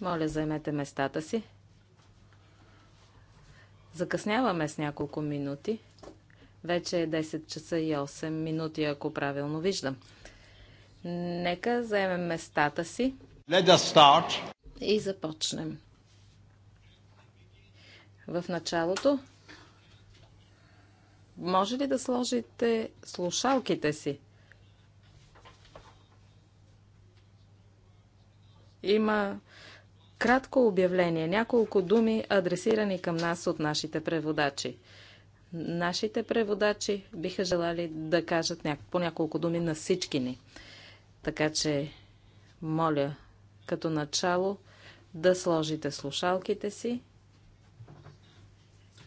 Моля, займете местата си. Закъсняваме с няколко минути. Вече е 10 часа и 8 минути, ако правилно виждам. Нека заемем местата си. И започнем. В началото може ли да сложите слушалките си? Има Кратко обявление, няколко думи, адресирани към нас от нашите преводачи. Нашите преводачи биха желали да кажат по няколко думи на всички ни. Така че, моля, като начало, да сложите слушалките си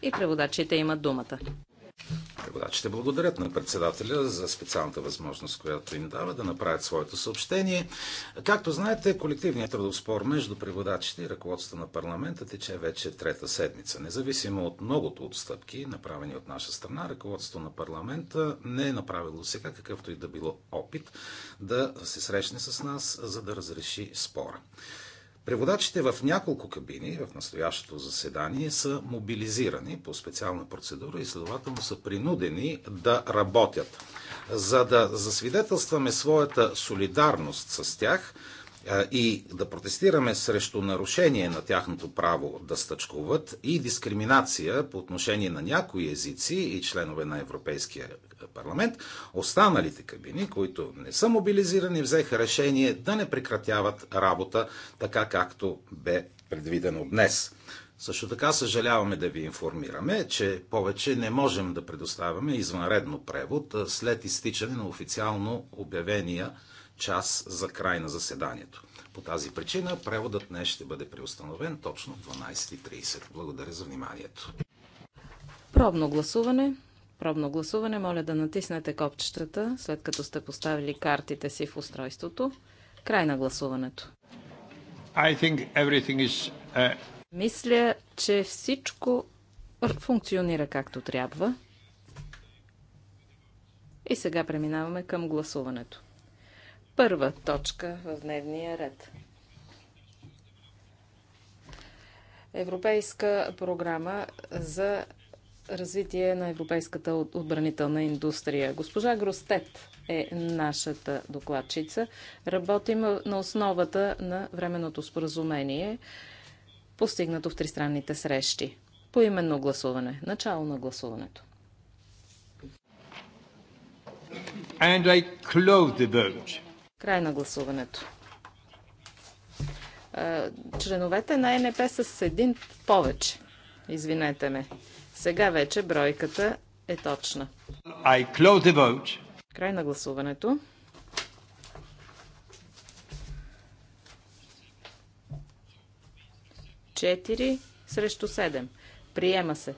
и преводачите имат думата. Преводачите благодарят на председателя за специалната възможност, която им дава да направят своето съобщение. Както знаете, колективният трудоспор между преводачите и ръководството на парламента тече вече трета седмица. Независимо от многото отстъпки, направени от наша страна, ръководството на парламента не е направило сега какъвто и да било опит да се срещне с нас, за да разреши спора. Преводачите в няколко кабини в настоящото заседание са мобилизирани по специална процедура и следователно са принудени да работят. За да засвидетелстваме своята солидарност с тях, и да протестираме срещу нарушение на тяхното право да стъчкуват и дискриминация по отношение на някои езици и членове на Европейския парламент, останалите кабини, които не са мобилизирани, взеха решение да не прекратяват работа така както бе предвидено днес. Също така съжаляваме да ви информираме, че повече не можем да предоставяме извънредно превод след изтичане на официално обявения час за край на заседанието. По тази причина преводът днес ще бъде преустановен точно в 12.30. Благодаря за вниманието. Пробно гласуване. Пробно гласуване. Моля да натиснете копчетата, след като сте поставили картите си в устройството. Край на гласуването. I think everything is, uh... Мисля, че всичко функционира както трябва. И сега преминаваме към гласуването първа точка в дневния ред. Европейска програма за развитие на европейската отбранителна индустрия. Госпожа Гростет е нашата докладчица. Работим на основата на временното споразумение, постигнато в тристранните срещи. По именно гласуване. Начало на гласуването. And I close the vote. Край на гласуването. Членовете на НП са с един повече. Извинете ме. Сега вече бройката е точна. I close the vote. Край на гласуването. Четири срещу седем. Приема се.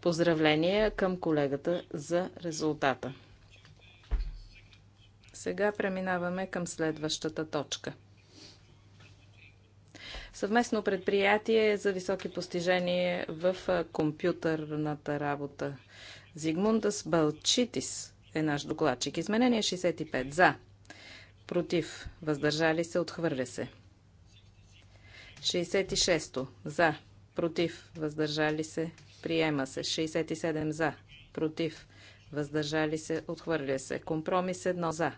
Поздравления към колегата за резултата. Сега преминаваме към следващата точка. Съвместно предприятие за високи постижения в компютърната работа. Зигмундас Балчитис е наш докладчик. Изменение 65. За. Против. Въздържали се. Отхвърля се. 66. За. Против. Въздържали се. Приема се. 67. За. Против. Въздържали се. Отхвърля се. Компромис 1. За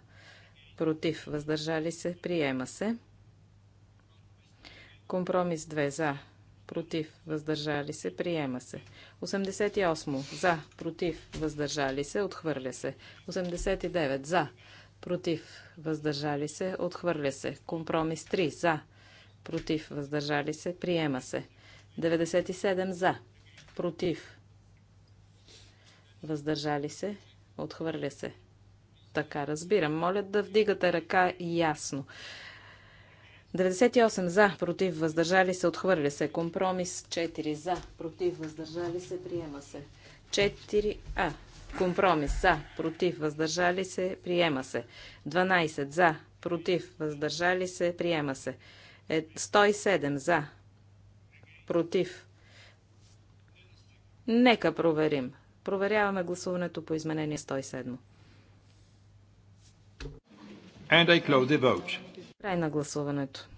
против, въздържали се, приема се. Компромис 2 за, против, въздържали се, приема се. 88 за, против, въздържали се, отхвърля се. 89 за, против, въздържали се, отхвърля се. Компромис 3 за, против, въздържали се, приема се. 97 за, против, въздържали се, отхвърля се така разбирам. Моля да вдигате ръка ясно. 98 за, против, въздържали се, отхвърля се. Компромис 4 за, против, въздържали се, приема се. 4а. Компромис за, против, въздържали се, приема се. 12 за, против, въздържали се, приема се. 107 е, за, против. Нека проверим. Проверяваме гласуването по изменение 107. And I close the vote. Край на гласуването.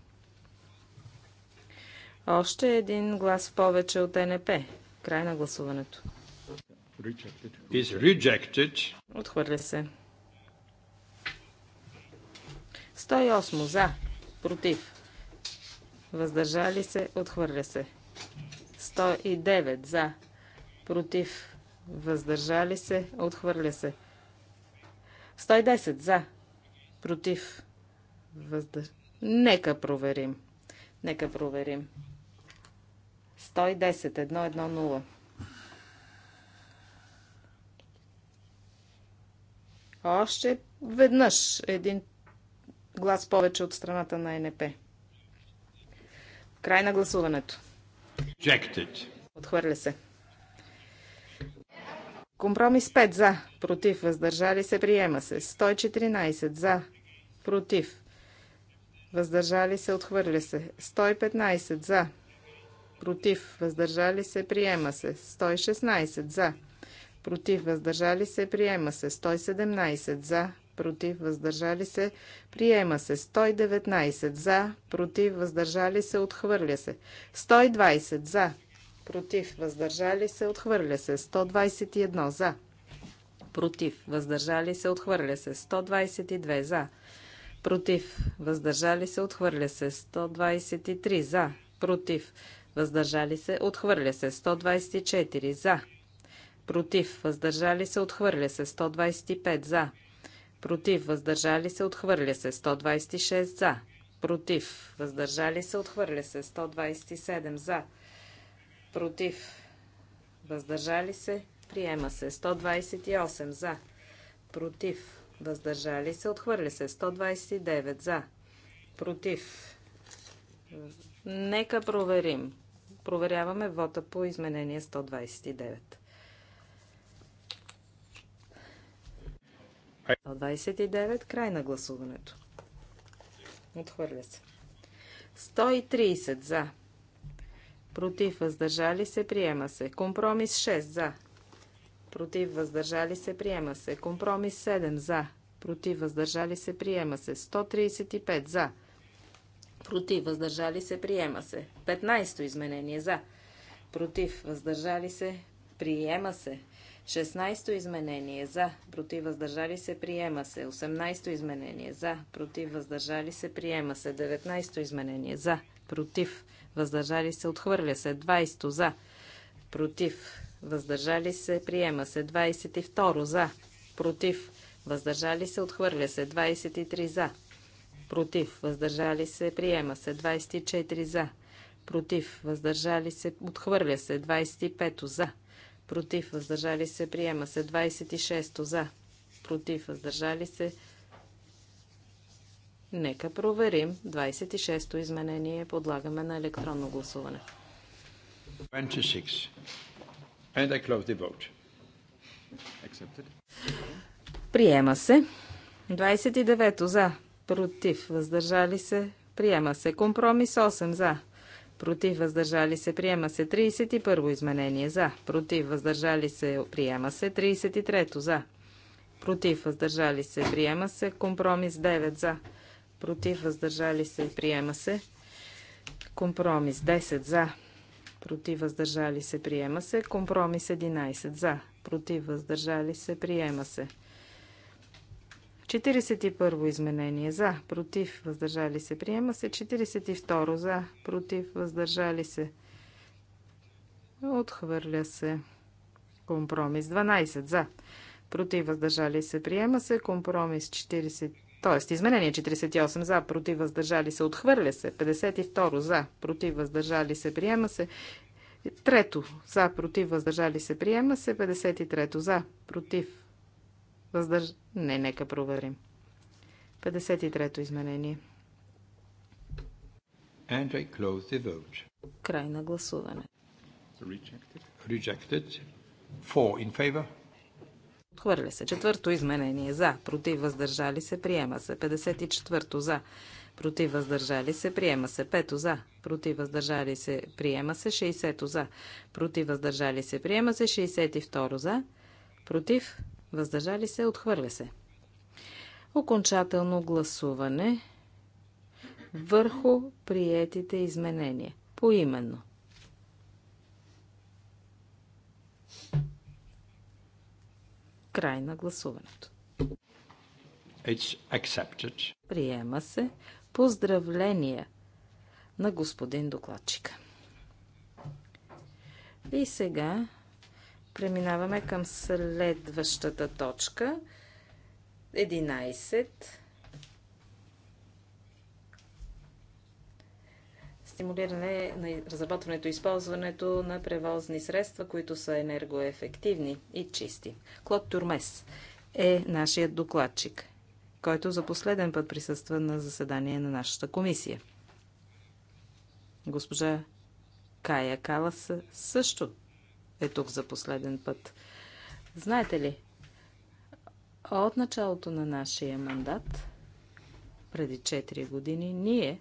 Още един глас повече от НП. Край на гласуването. Is rejected. Отхвърля се. 108 за, против, въздържали се, отхвърля се. 109 за, против, въздържали се, отхвърля се. 110 за, Против. въздър. Нека проверим. Нека проверим. 110 110. Още веднъж един глас повече от страната на НП. Край на гласуването. Rejected. Отхвърля се. Компромис 5 за, против, въздържали се, приема се. 114 за, против, въздържали се, отхвърля се. 115 за, против, въздържали се, приема се. 116 за, против, въздържали се, приема се. 117 за, против, въздържали се, приема се. 119 за, против, въздържали се, отхвърля се. 120 за, против, въздържали се, отхвърля се. 121 за, против, въздържали се, отхвърля се. 122 за, против, въздържали се, отхвърля се. 123 за, против, въздържали се, отхвърля се. 124 за, против, въздържали се, отхвърля се. 125 за, против, въздържали се, отхвърля се. 126 за, против, въздържали се, отхвърля се. 127 за, против, въздържали се, приема се. 128 за, против, въздържали се, отхвърля се. 129 за, против. Нека проверим. Проверяваме вота по изменение 129. 129. Край на гласуването. Отхвърля се. 130 за против, въздържали се, приема се. Компромис 6 за, против, въздържали се, приема се. Компромис 7 за, против, въздържали се, приема се. 135 за, против, въздържали се, приема се. 15-то изменение за, против, въздържали се, приема се. 16-то изменение за, против въздържали се, приема се. 18-то изменение за, против въздържали се, приема се. 19-то изменение за, против, въздържали се, отхвърля се. 20 за, против, въздържали се, приема се. 22 за, против, въздържали се, отхвърля се. 23 за, против, въздържали се, приема се. 24 за, против, въздържали се, отхвърля се. 25 за, против, въздържали се, приема се. 26 за, против, въздържали се, Нека проверим. 26-то изменение подлагаме на електронно гласуване. 26. And I close the vote. Accepted. Приема се. 29-то за. Против. Въздържали се. Приема се. Компромис 8 за. Против. Въздържали се. Приема се. 31-во изменение за. Против. Въздържали се. Приема се. 33-то за. Против. Въздържали се. Приема се. Компромис 9 за против, въздържали се, приема се. Компромис 10 за, против, въздържали се, приема се. Компромис 11 за, против, въздържали се, приема се. 41 изменение за, против, въздържали се, приема се. 42 за, против, въздържали се, отхвърля се. Компромис 12 за, против, въздържали се, приема се. Компромис 40 т.е. изменение 48 за, против, въздържали се, отхвърля се. 52 за, против, въздържали се, приема се. Трето за, против, въздържали се, приема се. 53 за, против, въздърж... Не, нека проверим. 53-то изменение. And I close the vote. Край на гласуване. Rejected. Rejected. Four in favor. Отхвърля се. Четвърто изменение. За. Против. Въздържали се. Приема се. 54. За. Против. Въздържали се. Приема се. Пето. За. Против. Въздържали се. Приема се. 60. За. Против. Въздържали се. Приема се. 62. За. Против. Въздържали се. Отхвърля се. Окончателно гласуване върху приетите изменения. Поименно. Край на гласуването. It's accepted. Приема се. Поздравления на господин докладчика. И сега преминаваме към следващата точка. 11. стимулиране на разработването и използването на превозни средства, които са енергоефективни и чисти. Клод Турмес е нашият докладчик, който за последен път присъства на заседание на нашата комисия. Госпожа Кая Калас също е тук за последен път. Знаете ли, от началото на нашия мандат, преди 4 години, ние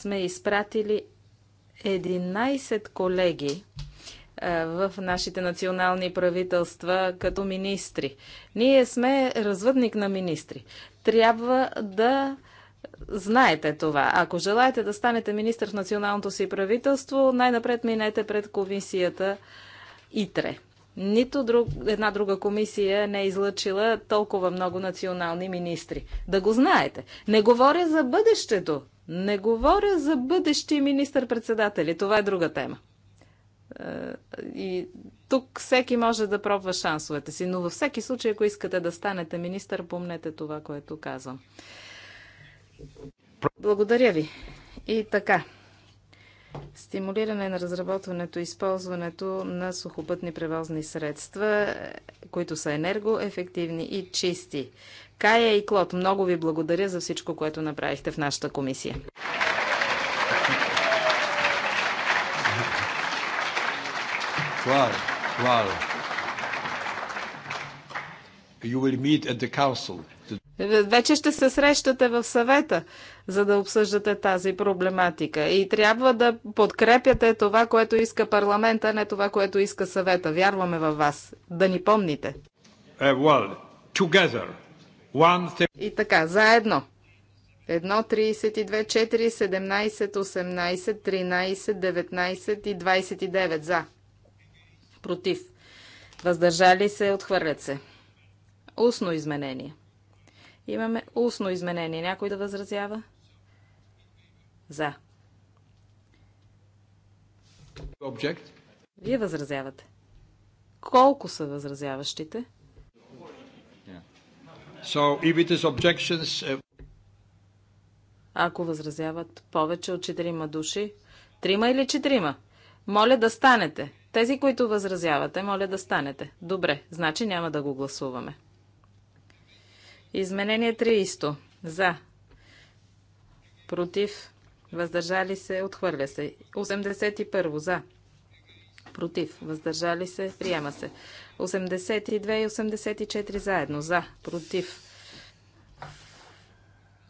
сме изпратили 11 колеги в нашите национални правителства като министри. Ние сме развъдник на министри. Трябва да знаете това. Ако желаете да станете министр в националното си правителство, най-напред минете пред комисията ИТРЕ. Нито друг, една друга комисия не е излъчила толкова много национални министри. Да го знаете. Не говоря за бъдещето не говоря за бъдещи министър-председатели. Това е друга тема. Е, и тук всеки може да пробва шансовете си, но във всеки случай, ако искате да станете министър, помнете това, което казвам. Благодаря ви. И така. Стимулиране на разработването и използването на сухопътни превозни средства, които са енергоефективни и чисти. Кая и Клод, много ви благодаря за всичко, което направихте в нашата комисия. Claro, claro. You will meet at the council. Вече ще се срещате в съвета, за да обсъждате тази проблематика. И трябва да подкрепяте това, което иска парламента, а не това, което иска съвета. Вярваме във вас. Да ни помните. Uh, well, together. И така, заедно. 1, 32, 4, 17, 18, 13, 19 и 29 за. Против. Въздържали се, отхвърлят се. Устно изменение. Имаме устно изменение. Някой да възразява? За. Object. Вие възразявате. Колко са възразяващите? Uh, Ако възразяват повече от четирима души, трима или четирима, моля да станете. Тези, които възразявате, моля да станете. Добре, значи няма да го гласуваме. Изменение 300. За. Против. Въздържали се. Отхвърля се. 81. За. Против. Въздържали се. Приема се. 82 и 84 заедно. За, против.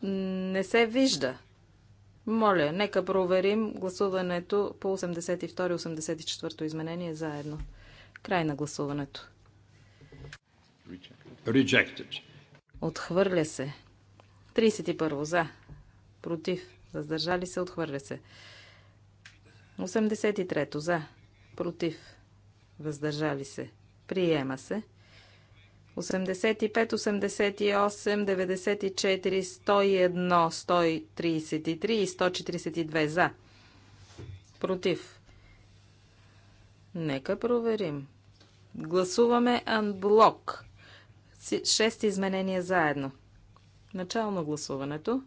Не се вижда. Моля, нека проверим гласуването по 82 и 84 изменение заедно. Край на гласуването. Rejected. Отхвърля се. 31 за. Против. Въздържали се. Отхвърля се. 83 за. Против. Въздържали се. Приема се. 85, 88, 94, 101, 133 и 142 за. Против. Нека проверим. Гласуваме анблок. Шест изменения заедно. Начало на гласуването.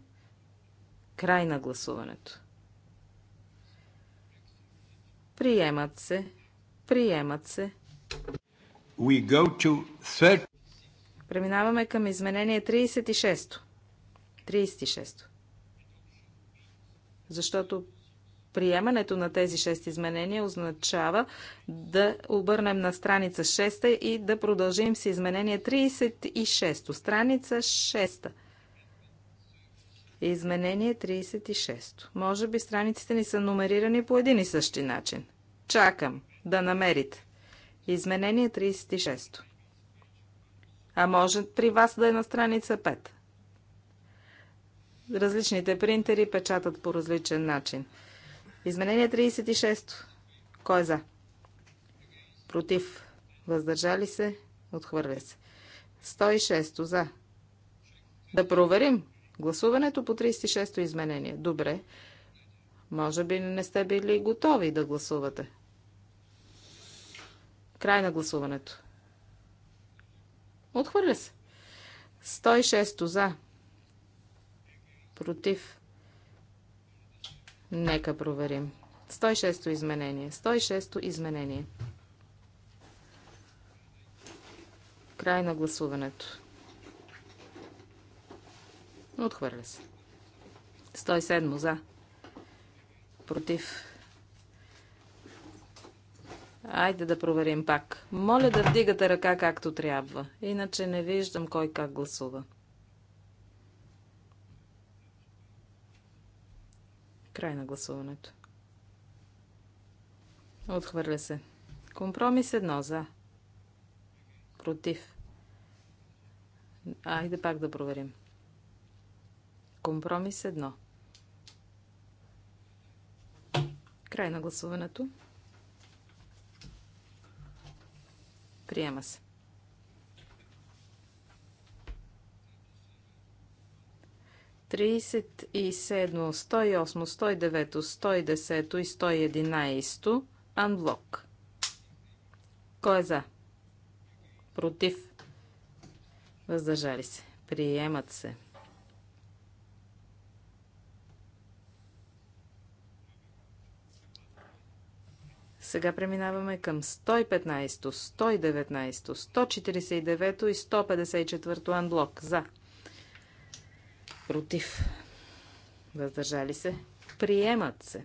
Край на гласуването. Приемат се. Приемат се. We go to Преминаваме към изменение 36. 36. Защото приемането на тези 6 изменения означава да обърнем на страница 6 и да продължим с изменение 36. Страница 6. Изменение 36. Може би страниците ни са номерирани по един и същи начин. Чакам да намерите. Изменение 36. А може при вас да е на страница 5. Различните принтери печатат по различен начин. Изменение 36. Кой е за? Против. Въздържали се? Отхвърля се. 106. За. Да проверим. Гласуването по 36-то изменение. Добре. Може би не сте били готови да гласувате. Край на гласуването. Отхвърля се. 106 за. Против. Нека проверим. 106-то изменение. 106-то изменение. Край на гласуването. Отхвърля се. 107 за. Против. Айде да проверим пак. Моля да вдигате ръка както трябва, иначе не виждам кой как гласува. Край на гласуването. Отхвърля се. Компромис едно за. Против. Айде пак да проверим. Компромис едно. Край на гласуването. Приема се. Тридесет и седмо, сто и осмо, сто и девето, сто и десето и сто и единайсто. Анблок. Кой е за? Против. Въздържали се. Приемат се. Сега преминаваме към 115, 119, 149 и 154 анблок. За. Против. Въздържали се. Приемат се.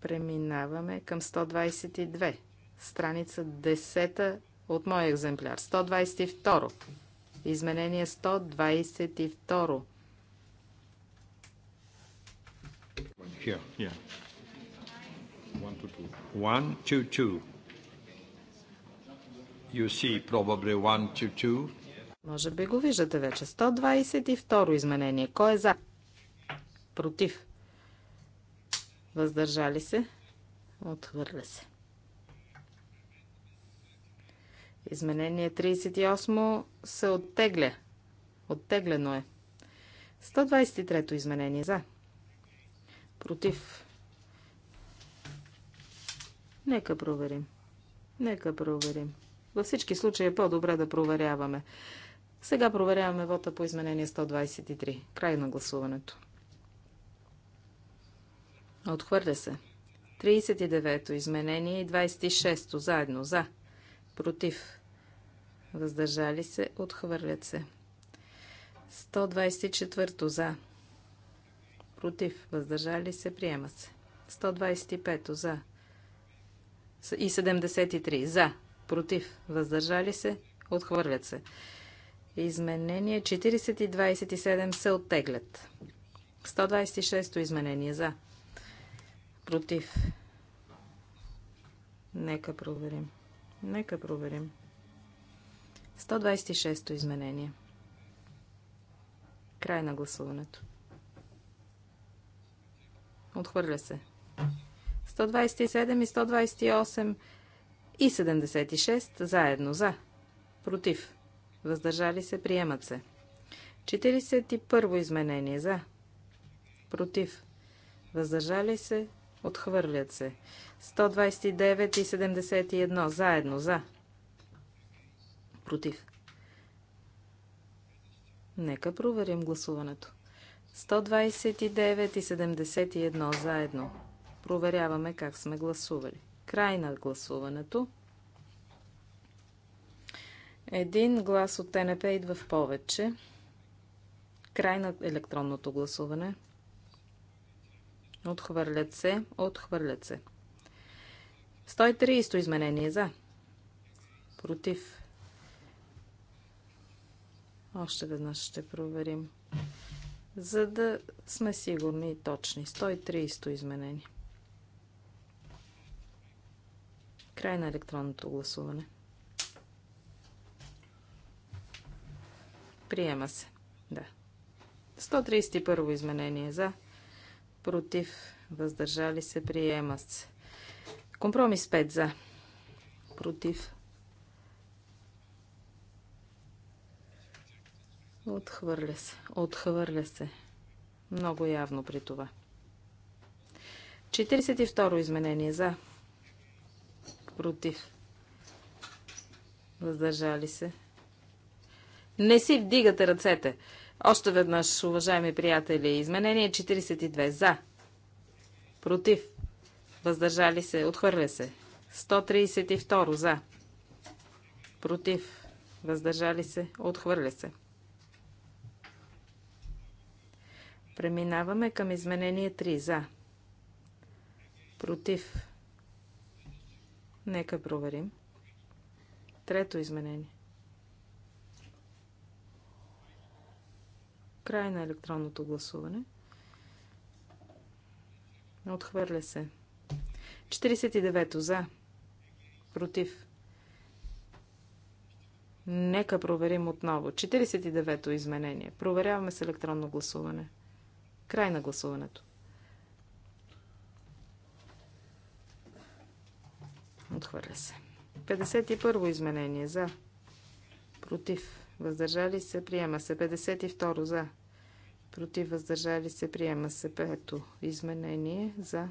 Преминаваме към 122. Страница 10 от моя екземпляр. 122. Изменение 122. Here, yeah two. You see probably two. Може би го виждате вече. 122 изменение. Кой е за? Против. Въздържали се? Отвърля се. Изменение 38 се оттегля. Оттеглено е. 123 изменение за. Против. Нека проверим. Нека проверим. Във всички случаи е по-добре да проверяваме. Сега проверяваме вота по изменение 123. Край на гласуването. Отхвърля се. 39-то изменение и 26-то заедно за. Против. Въздържали се. Отхвърлят се. 124-то за. Против. Въздържали се. Приема се. 125-то за и 73 за, против, въздържали се, отхвърлят се. Изменение 40 и 27 се оттеглят. 126 изменение за, против. Нека проверим. Нека проверим. 126 изменение. Край на гласуването. Отхвърля се. 127 и 128 и 76 заедно за. Против. Въздържали се, приемат се. 41 изменение за. Против. Въздържали се, отхвърлят се. 129 и 71 заедно за. Против. Нека проверим гласуването. 129 и 71 заедно. Проверяваме как сме гласували. Край на гласуването. Един глас от ТНП идва в повече. Край на електронното гласуване. Отхвърлят се, отхвърлят се. 130 изменение за. Против. Още веднъж ще проверим. За да сме сигурни и точни. 130 изменение. Край на електронното гласуване. Приема се. Да. 131 изменение за. Против. Въздържали се. Приема се. Компромис 5 за. Против. Отхвърля се. Отхвърля се. Много явно при това. 42 изменение за. Против. Въздържали се. Не си вдигате ръцете. Още веднъж, уважаеми приятели, изменение 42. За. Против. Въздържали се. Отхвърля се. 132. За. Против. Въздържали се. Отхвърля се. Преминаваме към изменение 3. За. Против. Нека проверим. Трето изменение. Край на електронното гласуване. Отхвърля се. 49 за. Против. Нека проверим отново. 49-то изменение. Проверяваме с електронно гласуване. Край на гласуването. Отхвърля се. 51 изменение за. Против. Въздържали се. Приема се. 52 за. Против. Въздържали се. Приема се. Пето изменение за.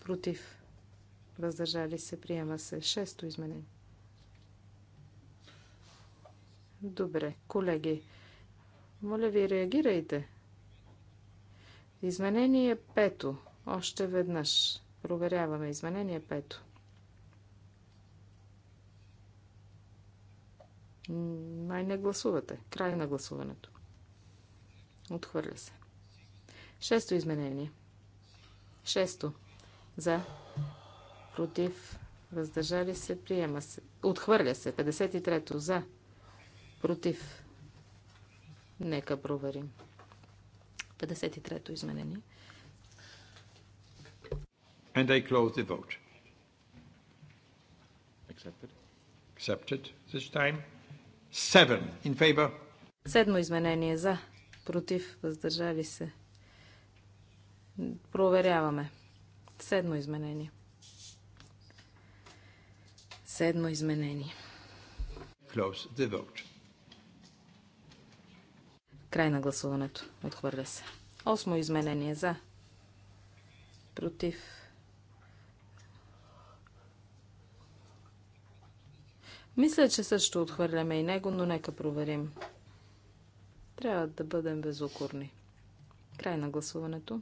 Против. Въздържали се. Приема се. Шесто изменение. Добре, колеги. Моля ви, реагирайте. Изменение пето. Още веднъж. Проверяваме изменение пето. Май не гласувате. Край на гласуването. Отхвърля се. Шесто изменение. Шесто. За. Против. Въздържали се. Приема се. Отхвърля се. 53-то. За. Против. Нека проверим. 53-то изменение. And I close the vote. Accepted. Accepted this time. Седмо изменение за. Против. Въздържали се. Проверяваме. Седмо изменение. Седмо изменение. Close the vote. Край на гласуването. Отхвърля се. Осмо изменение за. Против. Мисля, че също отхвърляме и него, но нека проверим. Трябва да бъдем безокорни. Край на гласуването.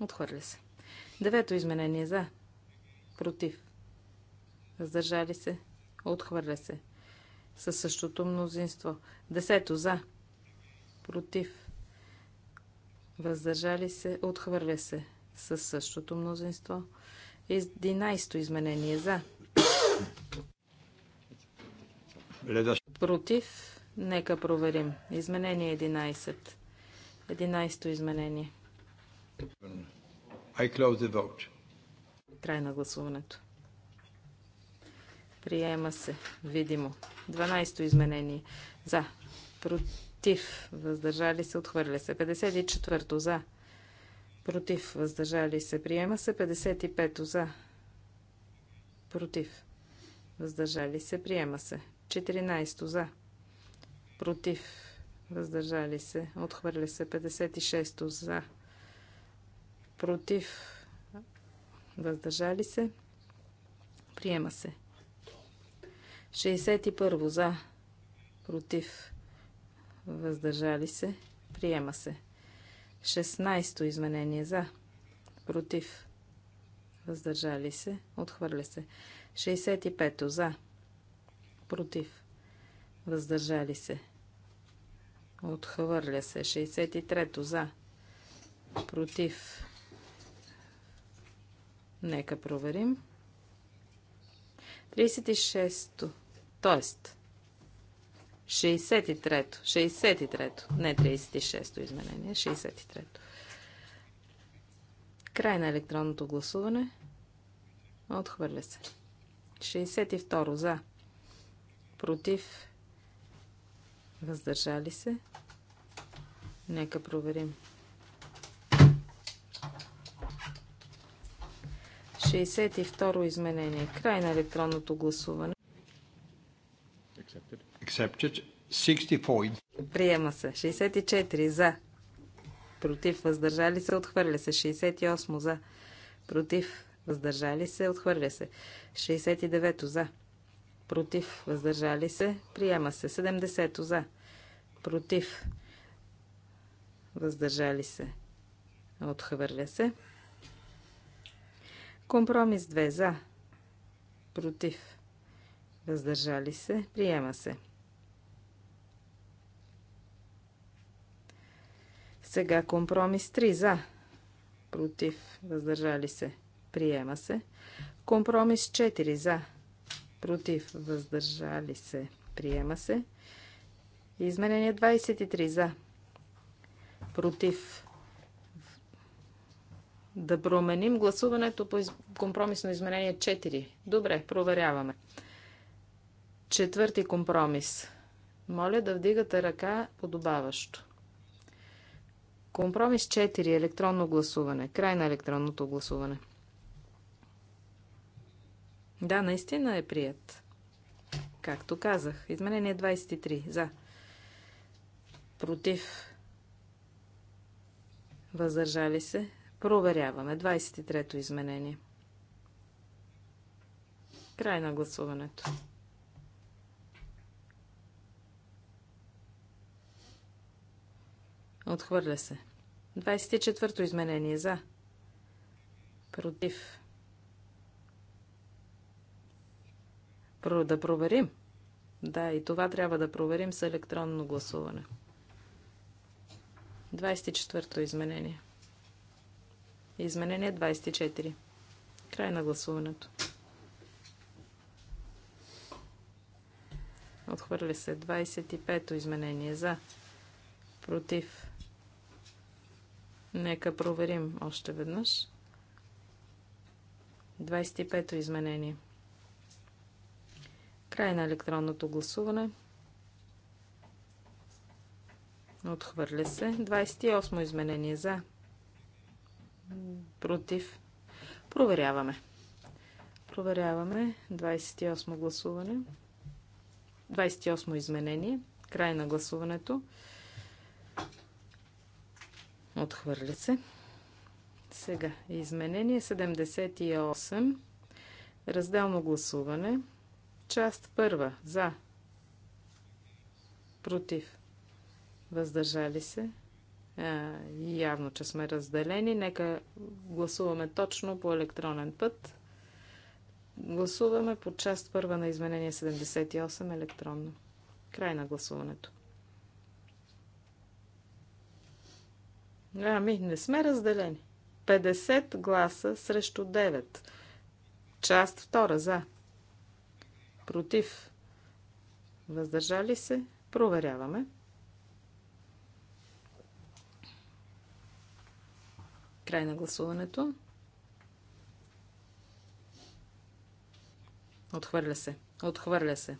Отхвърля се. Девето изменение за. Против. Въздържали се. Отхвърля се. Със същото мнозинство. Десето за. Против. Въздържали се. Отхвърля се. Със същото мнозинство. 11-то изменение за. Против. Нека проверим. Изменение 11. 11-то изменение. I close the vote. Край на гласуването. Приема се. Видимо. 12-то изменение. За. Против. Въздържали се. Отхвърля се. 54-то. За. Против. Въздържали се. Приема се 55 за. Против. Въздържали се. Приема се. 14 за. Против. Въздържали се. Отхвърля се 56 за. Против. Въздържали се. Приема се. 61 за. Против. Въздържали се. Приема се. 16-то изменение за, против, въздържали се, отхвърля се. 65-то за, против, въздържали се, отхвърля се. 63-то за, против. Нека проверим. 36-то, т.е. 63-то. 63-то. Не 36-то изменение. 63-то. Край на електронното гласуване. Отхвърля се. 62 за. Против. Въздържали се. Нека проверим. 62 изменение. Край на електронното гласуване. Accepted. 64. Приема се. 64 за. Против. Въздържали се. Отхвърля се. 68 за. Против. Въздържали се. Отхвърля се. 69 за. Против. Въздържали се. Приема се. 70 за. Против. Въздържали се. Отхвърля се. Компромис 2 за. Против. Въздържали се. Приема се. Сега компромис 3 за, против, въздържали се, приема се. Компромис 4 за, против, въздържали се, приема се. Изменение 23 за, против. Да променим гласуването по компромисно изменение 4. Добре, проверяваме. Четвърти компромис. Моля да вдигате ръка подобаващо. Компромис 4. Електронно гласуване. Край на електронното гласуване. Да, наистина е прият. Както казах. Изменение 23. За. Против. Въздържали се. Проверяваме. 23-то изменение. Край на гласуването. Отхвърля се. 24-то изменение за. Против. Про, да проверим. Да, и това трябва да проверим с електронно гласуване. 24-то изменение. Изменение 24. Край на гласуването. Отхвърля се 25-то изменение за. Против. Нека проверим още веднъж. 25-то изменение. Край на електронното гласуване. Отхвърля се. 28 мо изменение за. Против. Проверяваме. Проверяваме 28 гласуване. 28 изменение. Край на гласуването. Отхвърля се. Сега, изменение 78. Разделно гласуване. Част първа. За. Против. Въздържали се. явно, че сме разделени. Нека гласуваме точно по електронен път. Гласуваме по част първа на изменение 78 електронно. Край на гласуването. Ами, не сме разделени. 50 гласа срещу 9. Част втора за. Против. Въздържали се. Проверяваме. Край на гласуването. Отхвърля се. Отхвърля се.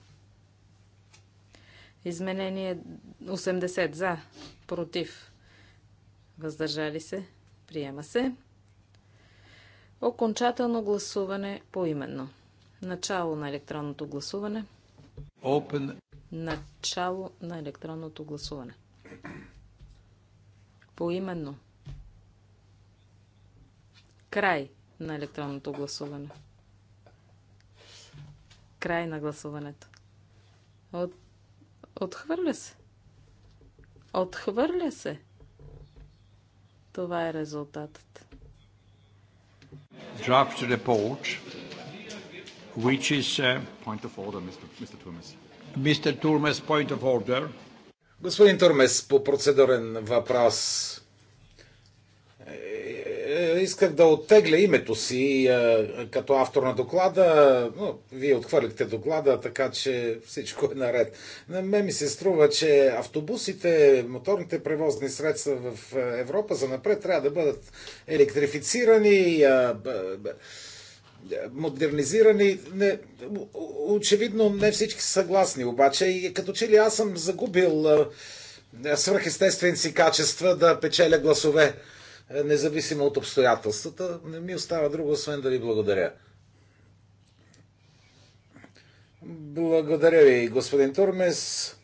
Изменение 80 за. Против въздържали се, приема се. Окончателно гласуване поименно. Начало на електронното гласуване. Open. Начало на електронното гласуване. Поименно. Край на електронното гласуване. Край на гласуването. От... Отхвърля се. Отхвърля се. Това е резултатът. Draft report, which is... Uh, point of order, Mr. Mr. Turmes. Mr. Turmes, point of order. Господин Турмес, по процедурен въпрос. Е, исках да оттегля името си е, като автор на доклада. Но, вие отхвърлихте доклада, така че всичко е наред. На мен ми се струва, че автобусите, моторните превозни средства в е, Европа за напред трябва да бъдат електрифицирани, модернизирани. Не, очевидно не всички са съгласни, обаче и като че ли аз съм загубил свръхестествени си качества да печеля гласове. Е, независимо от обстоятелствата. Не ми остава друго, освен да ви благодаря. Благодаря ви, господин Турмес.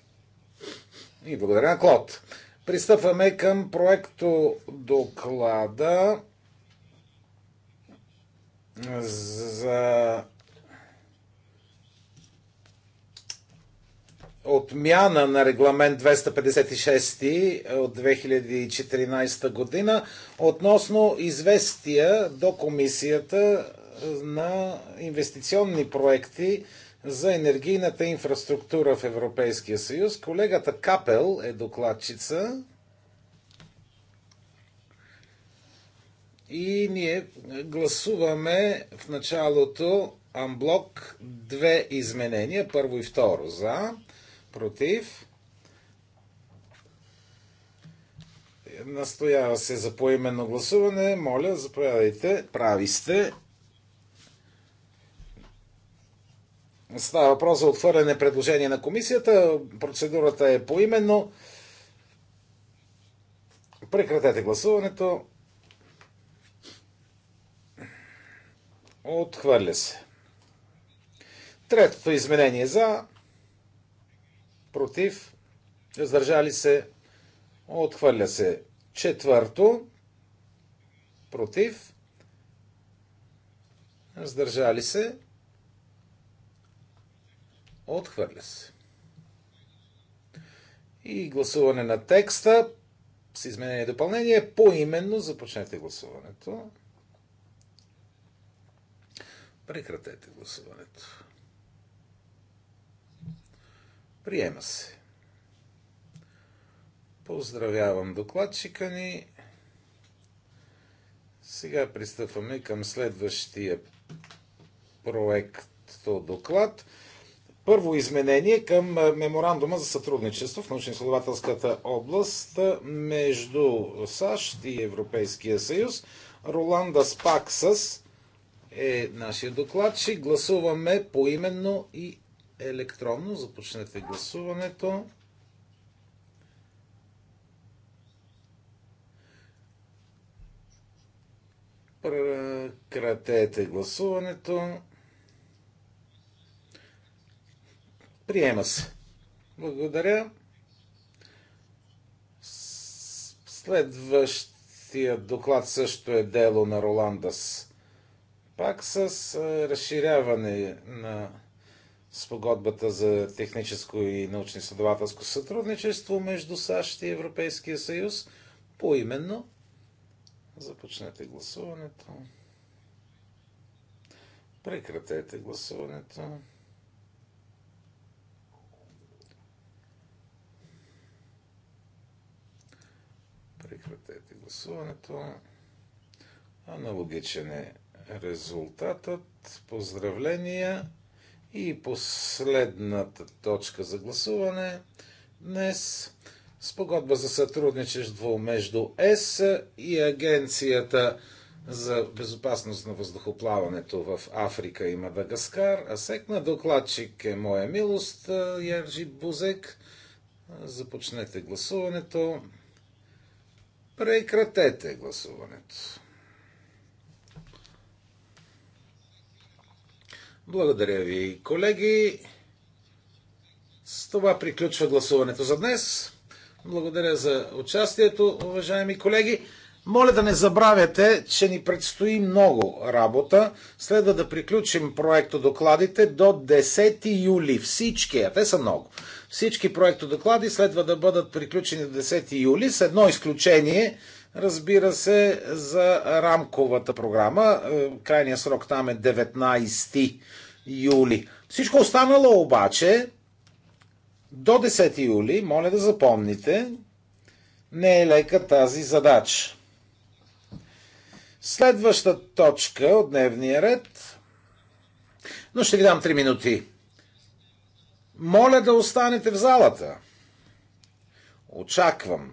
И благодаря на Клод. Пристъпваме към проекто доклада за отмяна на регламент 256 от 2014 година относно известия до комисията е, на инвестиционни проекти за енергийната инфраструктура в Европейския съюз. Колегата Капел е докладчица. И ние гласуваме в началото Анблок две изменения, първо и второ за, против. Настоява се за поименно гласуване. Моля, заповядайте. Прави сте. Става въпрос за отхвърляне предложение на комисията. Процедурата е поименно. Прекратете гласуването. Отхвърля се. Третото изменение за против, въздържали се, отхвърля се. Четвърто, против, въздържали се, отхвърля се. И гласуване на текста с изменение и допълнение. Поименно започнете гласуването. Прекратете гласуването. Приема се. Поздравявам докладчика ни. Сега пристъпваме към следващия проект доклад. Първо изменение към меморандума за сътрудничество в научно-изследователската област между САЩ и Европейския съюз. Роланда Спаксас е нашия докладчик. Гласуваме поименно и електронно. Започнете гласуването. Прекратете гласуването. Приема се. Благодаря. Следващия доклад също е дело на Роландас. Пак с разширяване на спогодбата за техническо и научно-изследователско сътрудничество между САЩ и Европейския съюз поименно. Започнете гласуването. Прекратете гласуването. Прекратете гласуването. Аналогичен е резултатът. Поздравления! И последната точка за гласуване днес спогодба за сътрудничество между ЕС и Агенцията за безопасност на въздухоплаването в Африка и Мадагаскар. А секна докладчик е моя милост Ярджи Бузек. Започнете гласуването. Прекратете гласуването. Благодаря ви, колеги. С това приключва гласуването за днес. Благодаря за участието, уважаеми колеги. Моля да не забравяте, че ни предстои много работа. Следва да приключим проекто докладите до 10 юли. Всички, а те са много. Всички проекто доклади следва да бъдат приключени до 10 юли, с едно изключение – Разбира се, за рамковата програма. Е, крайният срок там е 19 юли. Всичко останало обаче до 10 юли, моля да запомните, не е лека тази задача. Следваща точка от дневния ред. Но ще ви дам 3 минути. Моля да останете в залата. Очаквам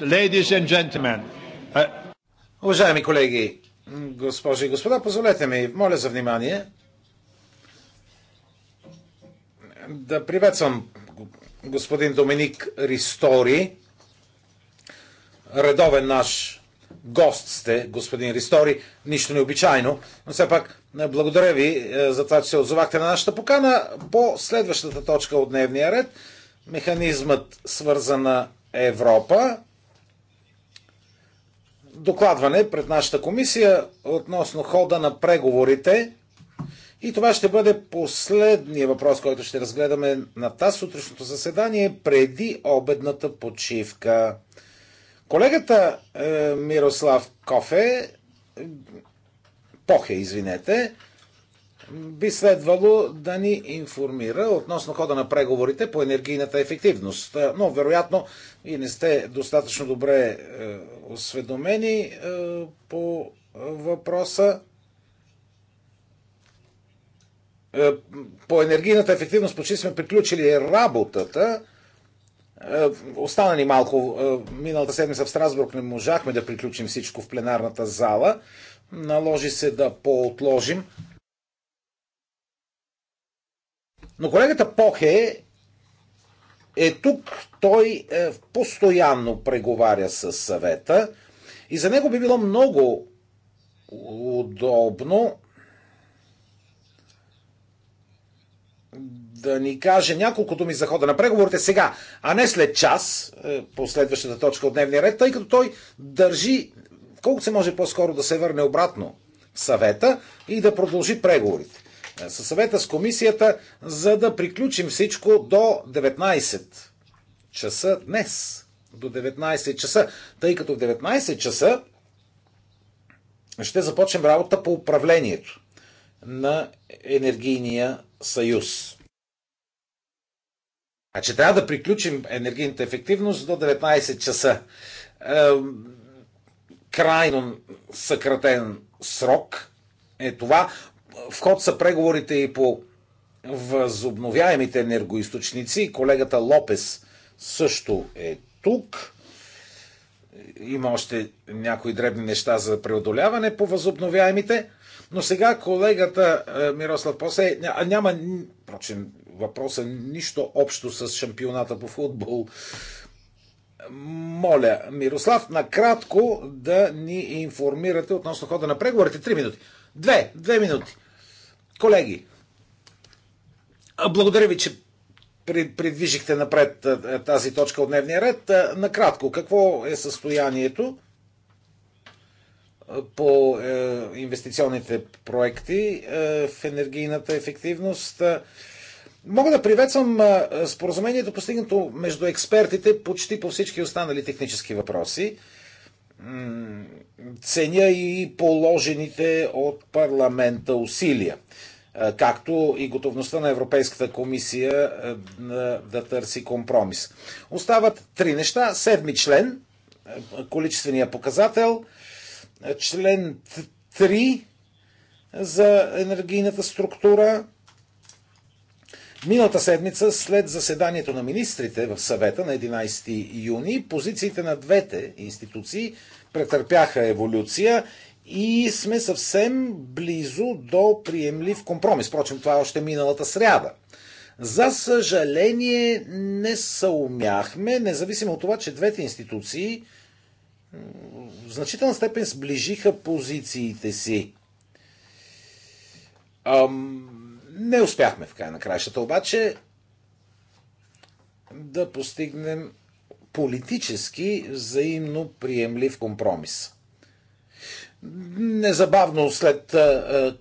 ladies and gentlemen. Uh, Уважаеми колеги, госпожи и господа, позволете ми, моля за внимание, да приветствам господин Доминик Ристори, редовен наш гост сте, господин Ристори, нищо необичайно, но все пак е, благодаря ви е, за това, че се отзовахте на нашата покана по следващата точка от дневния ред, механизмът свързана Европа докладване пред нашата комисия относно хода на преговорите. И това ще бъде последния въпрос, който ще разгледаме на тази сутрешното заседание преди обедната почивка. Колегата е, Мирослав Кофе, Похе, извинете, би следвало да ни информира относно хода на преговорите по енергийната ефективност. Е, но, вероятно, и не сте достатъчно добре е, осведомени е, по въпроса. По енергийната ефективност почти сме приключили работата. Остана ни малко. Миналата седмица в Страсбург не можахме да приключим всичко в пленарната зала. Наложи се да поотложим но колегата Похе е тук, той е, постоянно преговаря с съвета и за него би било много удобно да ни каже няколко думи за хода на преговорите сега, а не след час, е, по следващата точка от дневния ред, тъй като той държи колкото се може по-скоро да се върне обратно в съвета и да продължи преговорите. Е, със съвета с комисията, за да приключим всичко до 19 часа днес. До 19 часа. Тъй като в 19 часа ще започнем работа по управлението на енергийния съюз. А че трябва да приключим енергийната ефективност до 19 часа. Е, крайно съкратен срок е това в ход са преговорите и по възобновяемите енергоисточници. Колегата Лопес също е тук. Има още някои дребни неща за преодоляване по възобновяемите. Но сега колегата е, Мирослав Посе няма, впрочем, въпроса нищо общо с шампионата по футбол. Моля, Мирослав, накратко да ни информирате относно хода на преговорите. Три минути. Две, две минути. Колеги, благодаря ви, че предвижихте напред тази точка от дневния ред. Накратко, какво е състоянието по е, инвестиционните проекти е, в енергийната ефективност? Мога да приветствам споразумението, постигнато между експертите почти по всички останали технически въпроси. Ценя и положените от парламента усилия. Е, както и готовността на Европейската комисия е, да търси компромис. Остават три неща. Седми член, е, количествения показател, член 3 за енергийната структура. Миналата седмица, след заседанието на министрите в съвета на 11 юни, позициите на двете институции претърпяха еволюция и сме съвсем близо до приемлив компромис. Впрочем, това е още миналата сряда. За съжаление, не съумяхме, независимо от това, че двете институции в значителна степен сближиха позициите си. Ам, не успяхме в края на краищата, обаче да постигнем политически взаимно приемлив компромис. Незабавно след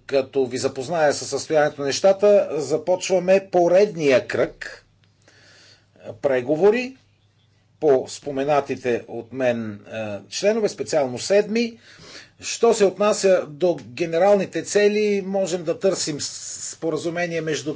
като ви запозная със състоянието на нещата, започваме поредния кръг преговори по споменатите от мен членове, специално седми. Що се отнася до генералните цели, можем да търсим споразумение между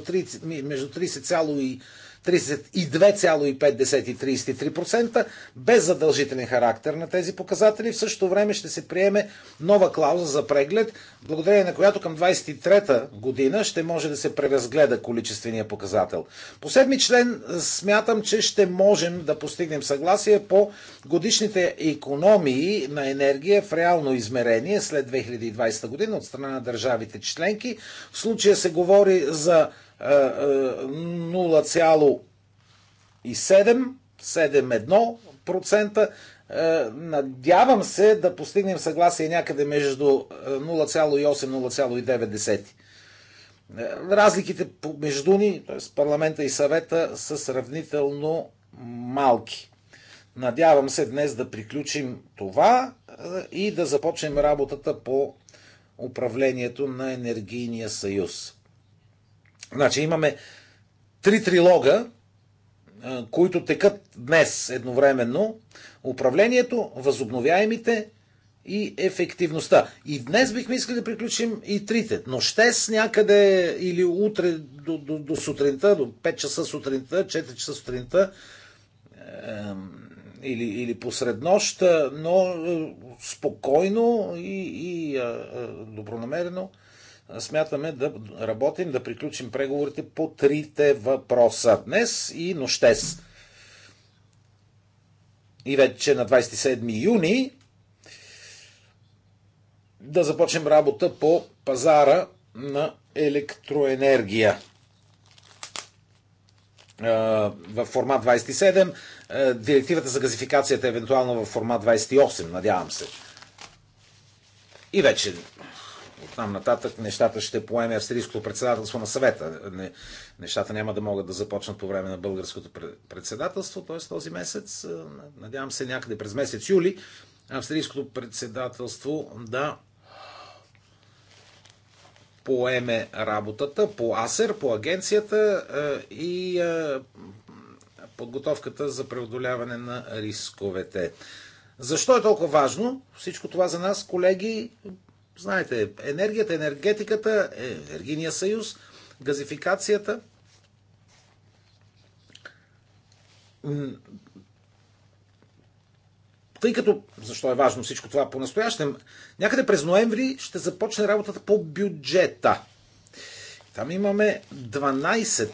и. 32,5-33%, без задължителен характер на тези показатели. В същото време ще се приеме нова клауза за преглед, благодарение на която към 23-та година ще може да се преразгледа количествения показател. По седми член е, смятам, че ще можем да постигнем съгласие по годишните економии на енергия в реално измерение след 2020 година от страна на държавите членки. В случая се говори за 0,7-7,1%. Е, е, е, надявам се да постигнем съгласие някъде между 0,8-0,9%. Разликите между ни, т.е. парламента и съвета, са сравнително малки. Надявам се днес да приключим това и да започнем работата по управлението на енергийния съюз. Значи имаме три трилога, които текат днес едновременно. Управлението, възобновяемите и ефективността. И днес бихме искали да приключим и трите, но ще с някъде или утре до, до, до сутринта, до 5 часа сутринта, 4 часа сутринта или, или посред нощ, но е, спокойно и, и добронамерено смятаме да работим, да приключим преговорите по трите въпроса днес и нощес. И вече на 27 юни да започнем работа по пазара на електроенергия в формат 27, директивата за газификацията е евентуално в формат 28, надявам се. И вече от там нататък нещата ще поеме австрийското председателство на съвета. Не, нещата няма да могат да започнат по време на българското председателство, т.е. този месец, надявам се някъде през месец юли, австрийското председателство да поеме работата по АСЕР, по агенцията и подготовката за преодоляване на рисковете. Защо е толкова важно всичко това за нас, колеги? Знаете, енергията, енергетиката, е енергийния съюз, газификацията. Тъй като, защо е важно всичко това по-настоящем, някъде през ноември ще започне работата по бюджета. Там имаме 12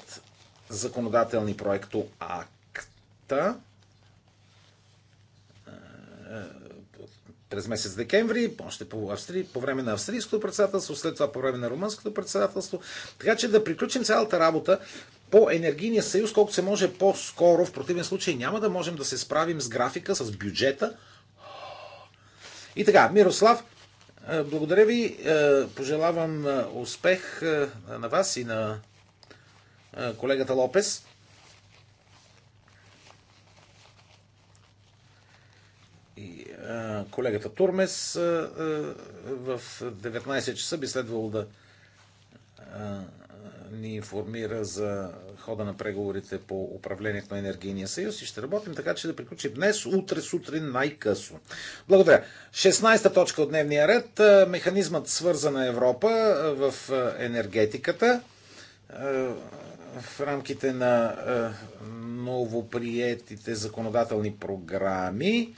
законодателни проекто акта е, през месец декември, още по, Австрия, по време на австрийското председателство, след това по време на румънското председателство. Така че да приключим цялата работа по енергийния съюз, колкото се може по-скоро. В противен случай няма да можем да се справим с графика, с бюджета. И така, Мирослав, е, благодаря ви. Е, пожелавам е, успех на вас и на колегата Лопес. колегата Турмес в 19 часа би следвало да ни информира за хода на преговорите по управлението на Енергийния съюз и ще работим така, че да приключи днес, утре сутрин най-късно. Благодаря. 16-та точка от дневния ред. Механизмът свързана Европа в енергетиката в рамките на новоприетите законодателни програми.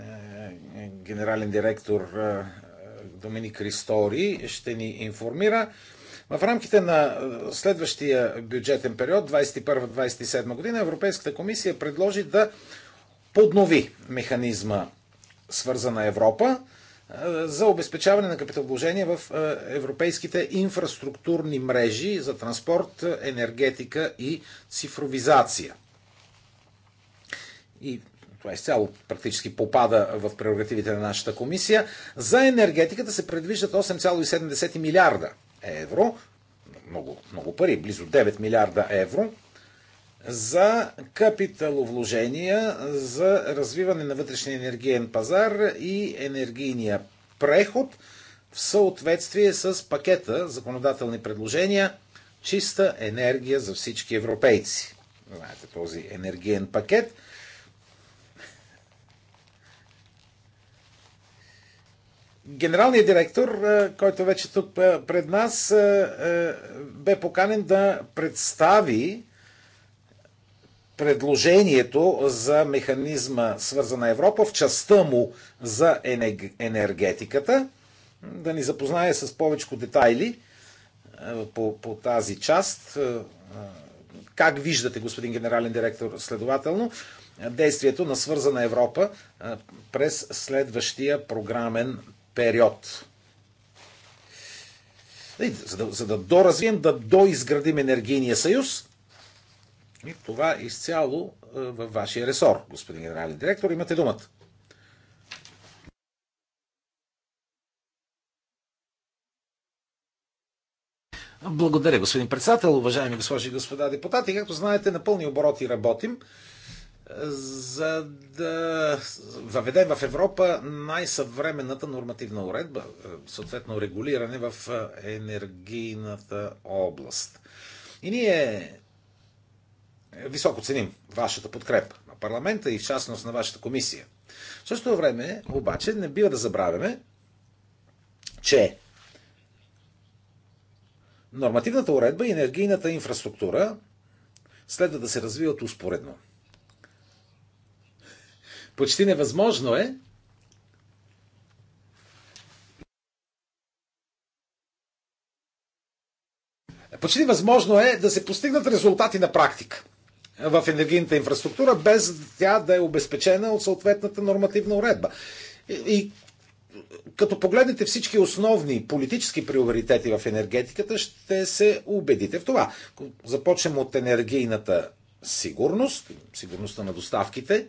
Е, е, генерален директор е, Доминик Ристори ще ни информира. В рамките на следващия бюджетен период, 2021-2027 година, Европейската комисия предложи да поднови механизма свързана Европа за обезпечаване на капиталовложения в европейските инфраструктурни мрежи за транспорт, енергетика и цифровизация. И това изцяло практически попада в прерогативите на нашата комисия, за енергетиката се предвиждат 8,7 милиарда евро, много, много пари, близо 9 милиарда евро, за капиталовложения за развиване на вътрешния енергиен пазар и енергийния преход в съответствие с пакета законодателни предложения Чиста енергия за всички европейци. Знаете, този енергиен пакет – Генералният директор, който вече е тук пред нас, бе поканен да представи предложението за механизма свързана Европа в частта му за енергетиката. Да ни запознае с повече детайли по, по тази част. Как виждате, господин генерален директор, следователно, действието на свързана Европа през следващия програмен период. За да, за да доразвием, да доизградим енергийния съюз, и това е изцяло във вашия ресор, господин генерален директор. Имате думата. Благодаря, господин председател, уважаеми госпожи и господа депутати. Както знаете, на пълни обороти работим за да въведе в Европа най-съвременната нормативна уредба, е, съответно регулиране в е, енергийната област. И ние високо ценим вашата подкрепа на парламента и в частност на вашата комисия. В същото време, обаче, не бива да забравяме, че нормативната уредба и енергийната инфраструктура следва да се развиват успоредно – почти невъзможно е, Почти възможно е да се постигнат резултати на практика в енергийната инфраструктура, без тя да е обезпечена от съответната нормативна уредба. И, и като погледнете всички основни политически приоритети в енергетиката, ще се убедите в това. Започнем от енергийната сигурност, сигурността на доставките,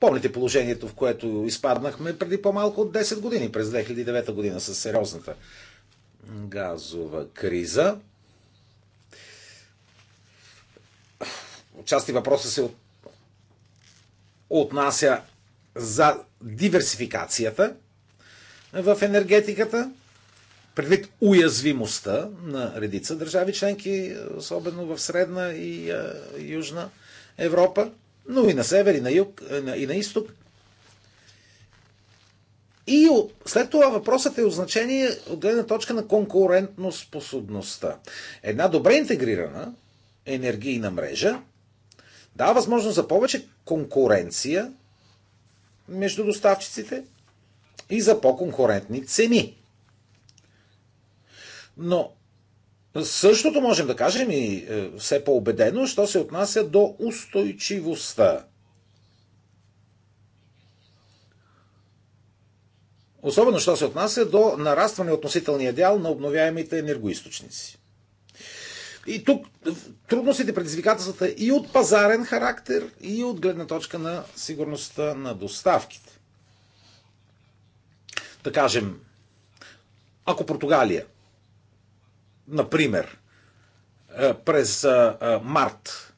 Помните положението, в което изпаднахме преди по-малко от 10 години, през 2009 година, с сериозната газова криза. Отчасти въпроса се отнася за диверсификацията в енергетиката, предвид уязвимостта на редица държави членки, особено в Средна и Южна Европа но и на север, и на юг, е, и на изток. И след това въпросът е от значение от гледна точка на конкурентно способността. Една добре интегрирана енергийна мрежа дава възможност за повече конкуренция между доставчиците и за по-конкурентни цени. Но Същото можем да кажем и е, все по-убедено, що се отнася до устойчивостта. Особено, що се отнася до нарастване относителния дял на обновяемите енергоисточници. И тук е, трудностите, предизвикателствата и от пазарен характер, и от гледна точка на сигурността на доставките. Да кажем, ако Португалия Например, е, през е, е, март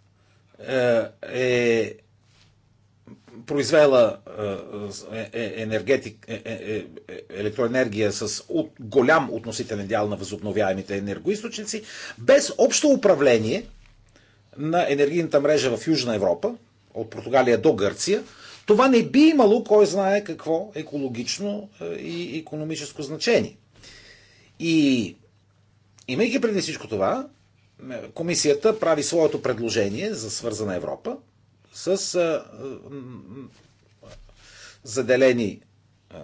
е произвела енергетик, електроенергия с голям относителен дял на възобновяемите енергоисточници, без общо управление на енергийната мрежа в Южна Европа, от Португалия до Гърция, това не би имало кой знае какво екологично и економическо значение. И Имайки преди всичко това, комисията прави своето предложение за свързана Европа с заделени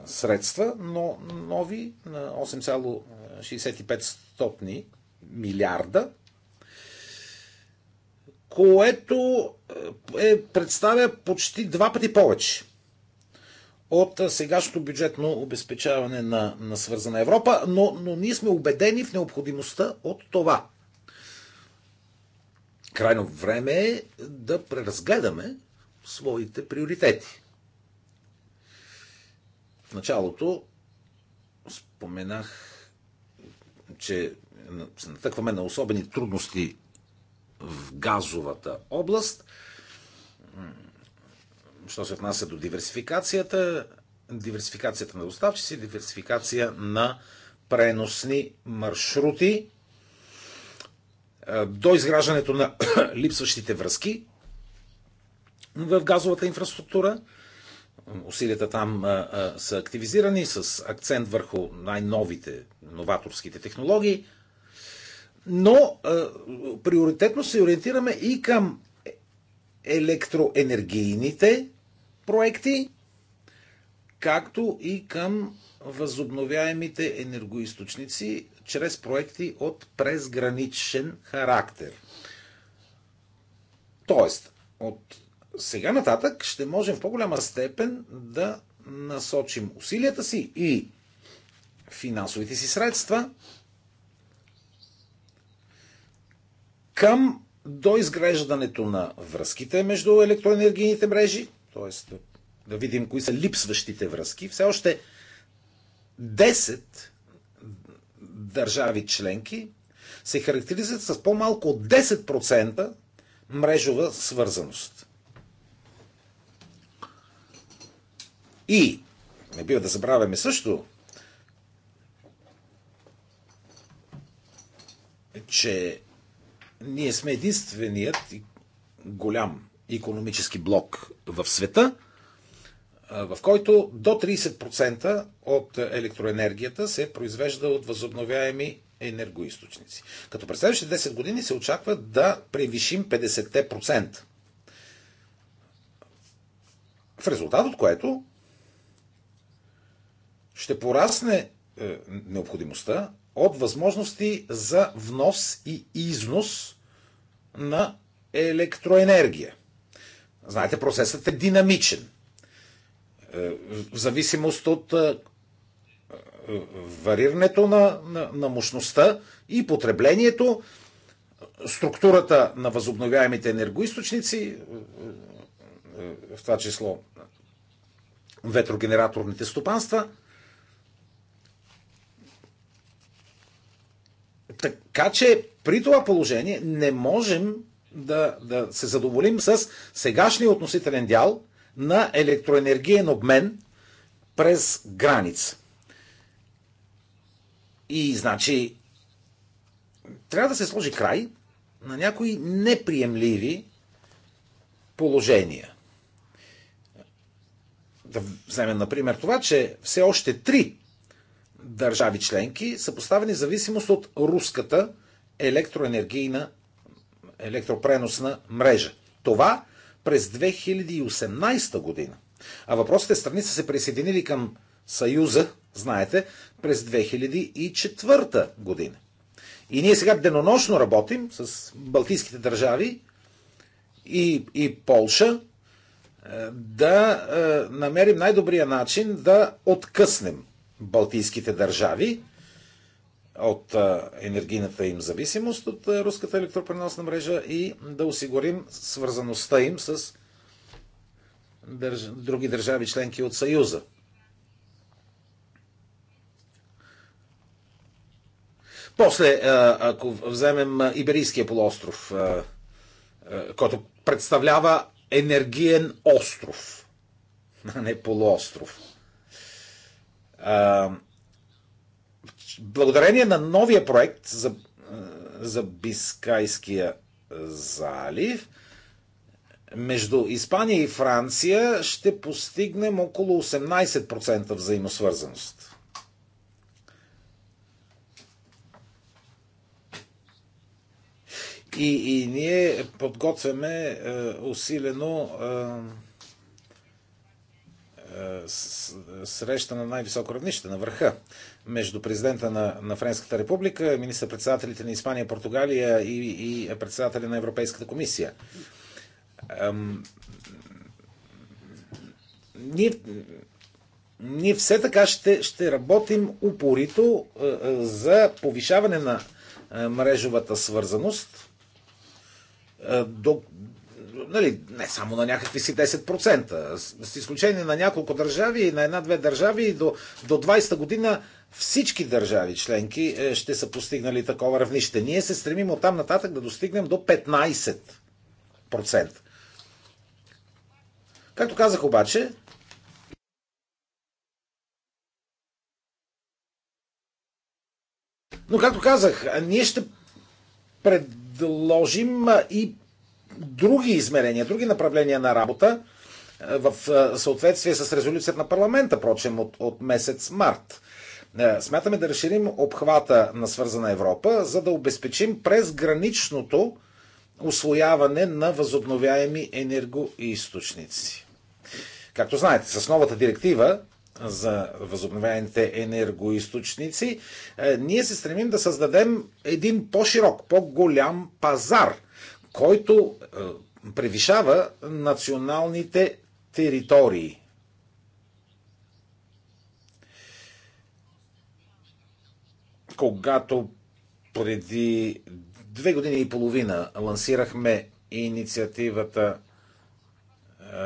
средства, но нови на 8,65 милиарда, което е, представя почти два пъти повече от сегашното бюджетно обезпечаване на, на свързана Европа, но, но ние сме убедени в необходимостта от това. Крайно време е да преразгледаме своите приоритети. В началото споменах, че се натъкваме на особени трудности в газовата област що се отнася до диверсификацията, диверсификацията на доставчици, диверсификация на преносни маршрути, е, до изграждането на липсващите връзки в газовата инфраструктура. Усилията там а, е, а, е, са активизирани с акцент върху най-новите новаторските технологии, но а, приоритетно се ориентираме и към електроенергийните проекти, както и към възобновяемите енергоисточници чрез проекти от презграничен характер. Тоест, от сега нататък ще можем в по-голяма степен да насочим усилията си и финансовите си средства към доизграждането на връзките между електроенергийните мрежи, т.е. да, да видим кои са липсващите връзки. Все още 10 държави членки се характеризират с по-малко от 10% мрежова свързаност. И не бива да забравяме също, че ние сме единственият голям економически блок в света, в който до 30% от електроенергията се произвежда от възобновяеми енергоисточници. Като през следващите 10 години се очаква да превишим 50%. В резултат от което ще порасне е, необходимостта от възможности за внос и износ на електроенергия. Знаете, процесът е динамичен. Е, в зависимост от е, е, варирането на, на, на мощността и потреблението, структурата на възобновяемите енергоисточници, в това число ветрогенераторните стопанства. Така че при това положение не можем да, да се задоволим с сегашния относителен дял на електроенергиен обмен през граница. И значи, трябва да се сложи край на някои неприемливи положения. Да вземем, например, това, че все още три държави членки са поставени в зависимост от руската електроенергийна електропреносна мрежа. Това през 2018 година. А въпросите страни са се присъединили към Съюза, знаете, през 2004 година. И ние сега денонощно работим с балтийските държави и, и Полша е, да е, намерим най-добрия начин да откъснем балтийските държави от енергийната им зависимост от руската електропреносна мрежа и да осигурим свързаността им с други държави членки от Съюза. После, ако вземем Иберийския полуостров, който представлява енергиен остров, а не полуостров благодарение на новия проект за, е, за Бискайския залив, между Испания и Франция ще постигнем около 18% взаимосвързаност. И, и ние подготвяме е, усилено е, е, среща на най-високо равнище, на върха между президента на, на Френската република, министър-председателите на Испания, Португалия и, и председателя на Европейската комисия. Ам, ние, ние все така ще, ще работим упорито а, е, а, е, за повишаване на а, е, мрежовата свързаност а, до, нали, не само на някакви си 10%, с, с изключение на няколко държави и на една-две държави до, до 20-та година всички държави членки е, ще са постигнали такова равнище. Ние се стремим от там нататък да достигнем до 15%. Както казах обаче, но както казах, ние ще предложим и други измерения, други направления на работа в съответствие с резолюцията на парламента, прочем, от, от месец март е, смятаме да разширим обхвата на свързана Европа, за да обезпечим през граничното освояване на възобновяеми енергоисточници. Както знаете, с новата директива за възобновяемите енергоисточници, е, ние се стремим да създадем един по-широк, по-голям пазар, който е, превишава националните територии. когато преди две години и половина лансирахме инициативата е,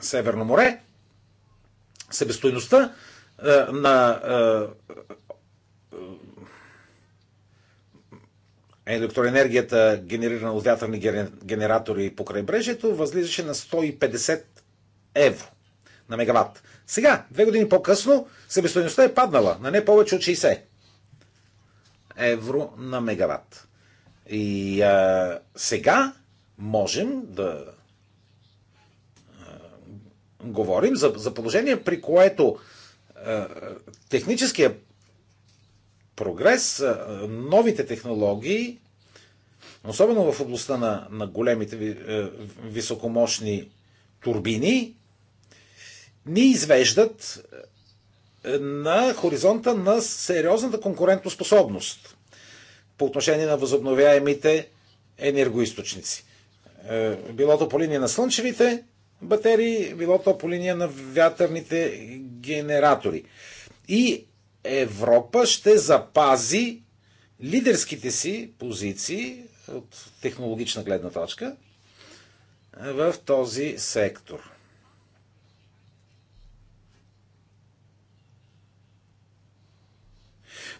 Северно море, себестойността е, на е, е електроенергията, генерирана от вятърни генератори по крайбрежието, възлизаше на 150 евро на мегаватт. Сега, две години по-късно, себестоеността е паднала на не повече от 60 евро на мегаватт. И а, сега можем да а, говорим за, за положение, при което а, техническия прогрес, а, новите технологии, особено в областта на, на големите а, високомощни турбини, ни извеждат е, на хоризонта на сериозната конкурентоспособност по отношение на възобновяемите енергоисточници. Е, било то по линия на слънчевите батерии, било то по линия на вятърните генератори. И Европа ще запази лидерските си позиции от технологична гледна точка в този сектор.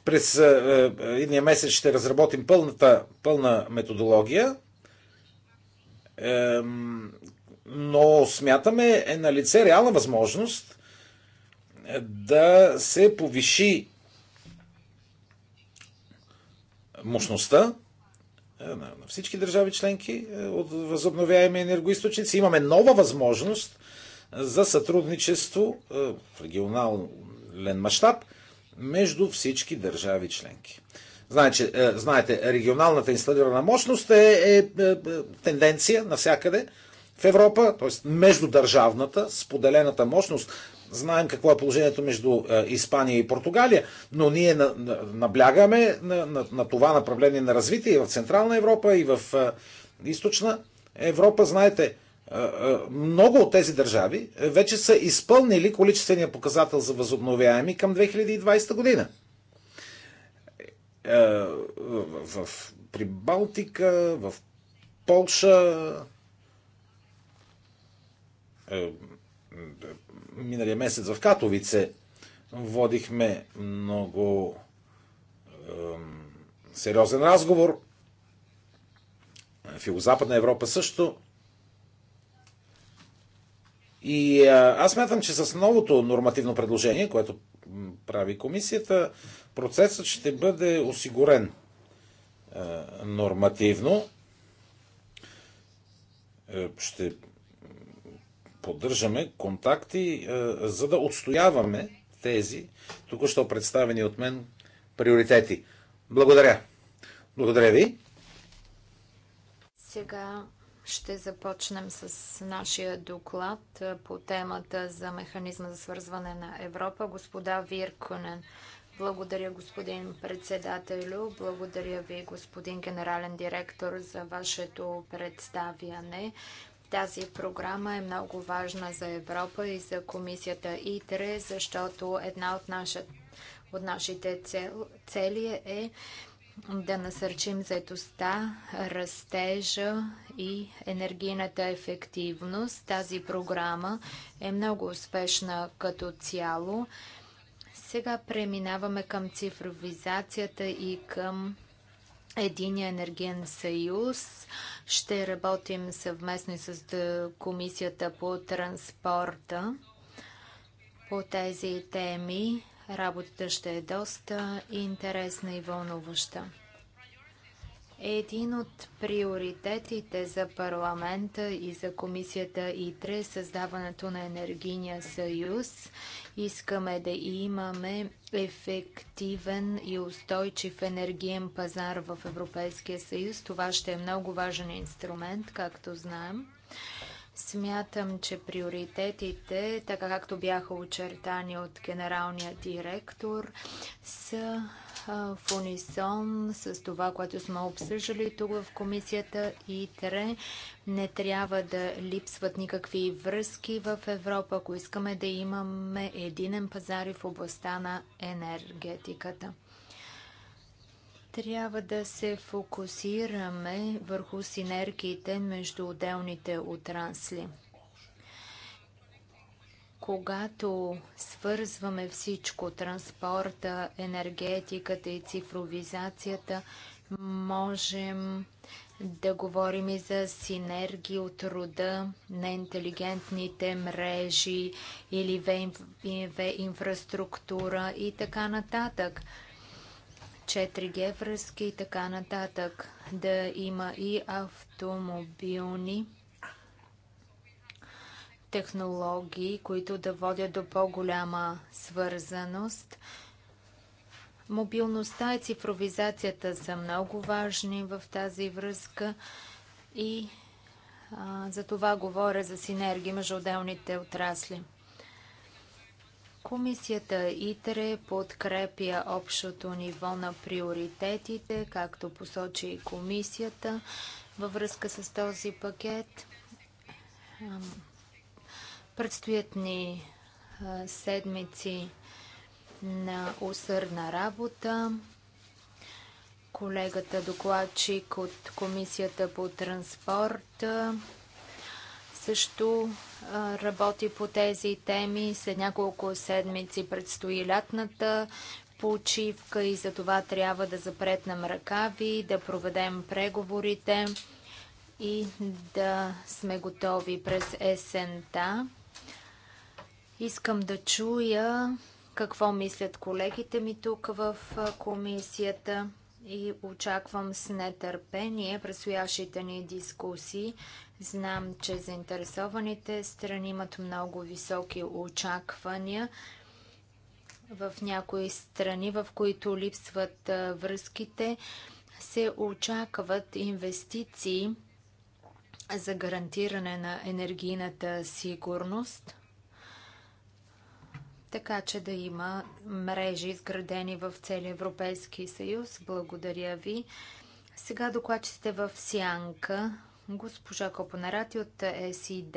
През е, е, едния месец ще разработим пълната, пълна методология, но смятаме е на лице реална възможност е, да се повиши мощността на всички държави членки от възобновяеми енергоисточници. Имаме нова възможност за сътрудничество в регионален мащаб – между всички държави членки. Знаете, знаете регионалната инсталирана мощност е, е, е тенденция навсякъде в Европа, т.е. междудържавната, споделената мощност. Знаем какво е положението между е, Испания и Португалия, но ние наблягаме на, на, на това направление на развитие и в Централна Европа, и в е, Източна Европа. Знаете, е, е, много от тези държави е, вече са изпълнили количествения показател за възобновяеми към 2020 година. В Прибалтика, в Полша, миналия месец в Катовице водихме много сериозен разговор. В Югозападна Европа също и аз смятам, че с новото нормативно предложение, което прави комисията, процесът ще бъде осигурен нормативно. Е, ще поддържаме контакти, е, за да отстояваме тези, току-що представени от мен, приоритети. Благодаря. Благодаря ви. Сега ще започнем с нашия доклад по темата за механизма за свързване на Европа. Господа Вирконен. Благодаря, господин председателю. Благодаря ви, господин генерален директор, за вашето представяне. Тази програма е много важна за Европа и за комисията ИТРЕ, защото една от, наша, от нашите цели е да насърчим заетостта, растежа и енергийната ефективност. Тази програма е много успешна като цяло. Сега преминаваме към цифровизацията и към Единия енергиен съюз. Ще работим съвместно и с Комисията по транспорта по тези теми. Работата ще е доста интересна и вълнуваща. Един от приоритетите за парламента и за комисията ИТРЕ е създаването на енергийния съюз. Искаме да имаме ефективен и устойчив енергиен пазар в Европейския съюз. Това ще е много важен инструмент, както знаем. Смятам, че приоритетите, така както бяха очертани от генералния директор, са в унисон с това, което сме обсъждали тук в комисията ИТРЕ. Не трябва да липсват никакви връзки в Европа, ако искаме да имаме единен пазар в областта на енергетиката. Трябва да се фокусираме върху синергиите между отделните отрасли. Когато свързваме всичко транспорта, енергетиката и цифровизацията, можем да говорим и за синергии от рода на интелигентните мрежи или ВИ инфраструктура и така нататък. 4G връзки и така нататък. Да има и автомобилни технологии, които да водят до по-голяма свързаност. Мобилността и цифровизацията са много важни в тази връзка и а, за това говоря за синергия между отделните отрасли. Комисията ИТРЕ подкрепя общото ниво на приоритетите, както посочи и комисията във връзка с този пакет. Предстоят ни седмици на усърдна работа. Колегата докладчик от Комисията по транспорт също работи по тези теми. След няколко седмици предстои лятната почивка и за това трябва да запретнем ръкави, да проведем преговорите и да сме готови през есента. Искам да чуя какво мислят колегите ми тук в комисията и очаквам с нетърпение предстоящите ни дискусии. Знам, че заинтересованите страни имат много високи очаквания. В някои страни, в които липсват връзките, се очакват инвестиции за гарантиране на енергийната сигурност, така че да има мрежи изградени в целия Европейски съюз. Благодаря ви. Сега докладчите в Сянка. Госпожа Копонарати от е СИД.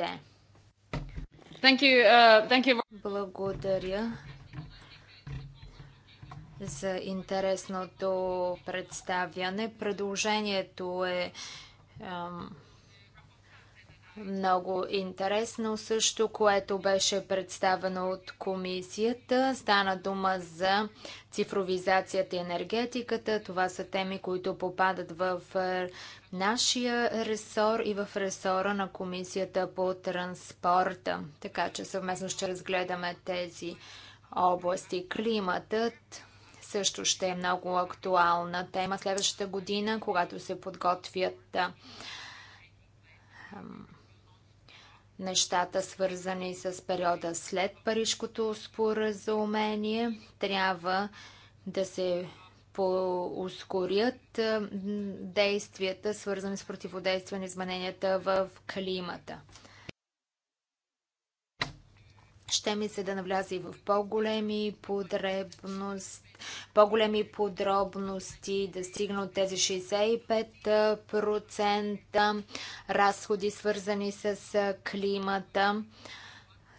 Thank you, uh, thank you. Благодаря за интересното представяне. Предложението е много интересно също, което беше представено от комисията. Стана дума за цифровизацията и енергетиката. Това са теми, които попадат в е, нашия ресор и в ресора на комисията по транспорта. Така че съвместно ще разгледаме тези области. Климатът също ще е много актуална тема следващата година, когато се подготвят um, нещата, свързани с периода след Парижкото споразумение, трябва да се ускорят действията, свързани с противодействие на измененията в климата. Ще ми се да навляза и в по-големи подребности по-големи подробности, да стигна от тези 65% разходи, свързани с климата.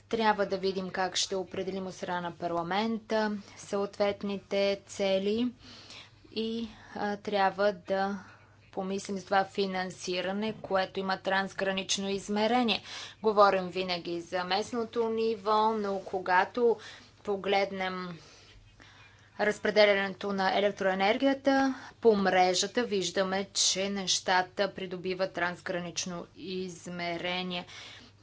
Трябва да видим как ще определим от страна на парламента съответните цели и а, трябва да помислим за това финансиране, което има трансгранично измерение. Говорим винаги за местното ниво, но когато погледнем разпределянето на електроенергията по мрежата виждаме, че нещата придобиват трансгранично измерение.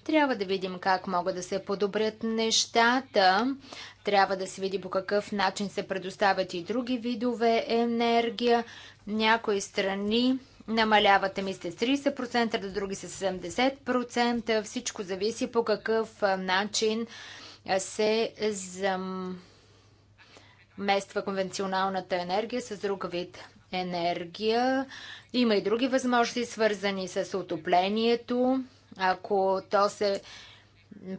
Трябва да видим как могат да се подобрят нещата. Трябва да се види по какъв начин се предоставят и други видове енергия. Някои страни намаляват емисите с 30%, до други с 70%. Всичко зависи по какъв начин се зам Мества конвенционалната енергия с друг вид енергия. Има и други възможности, свързани с отоплението. Ако то се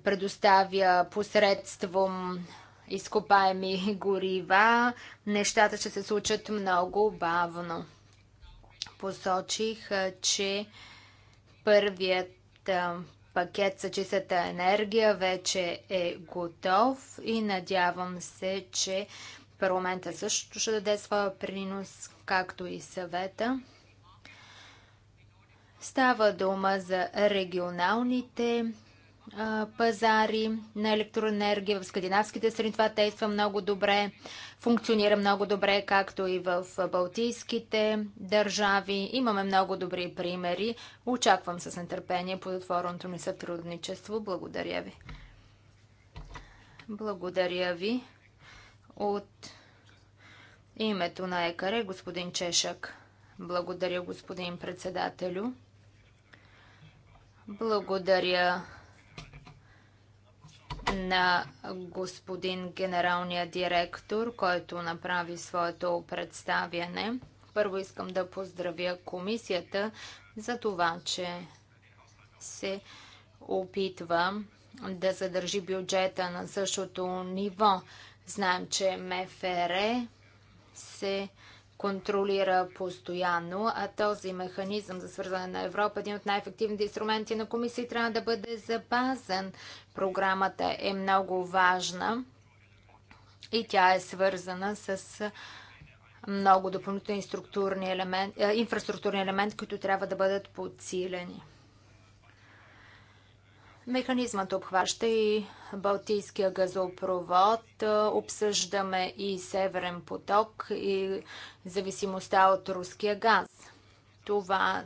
предоставя посредством изкопаеми горива, нещата ще се случат много бавно. Посочих, че първият пакет за чистата енергия вече е готов и надявам се, че Парламента също ще даде своя принос, както и съвета. Става дума за регионалните пазари на електроенергия. В скандинавските страни това действа много добре, функционира много добре, както и в балтийските държави. Имаме много добри примери. Очаквам с нетърпение плодотворното ни сътрудничество. Благодаря ви. Благодаря ви. От името на ЕКАРЕ, господин Чешък. Благодаря, господин председателю. Благодаря на господин генералния директор, който направи своето представяне. Първо искам да поздравя комисията за това, че се опитва да задържи бюджета на същото ниво. Знаем, че МФР се контролира постоянно, а този механизъм за свързване на Европа, е един от най-ефективните инструменти на комисии, трябва да бъде запазен. Програмата е много важна и тя е свързана с много допълнителни е, инфраструктурни елементи, които трябва да бъдат подсилени. Механизмът обхваща и Балтийския газопровод, обсъждаме и Северен поток и зависимостта от руския газ. Това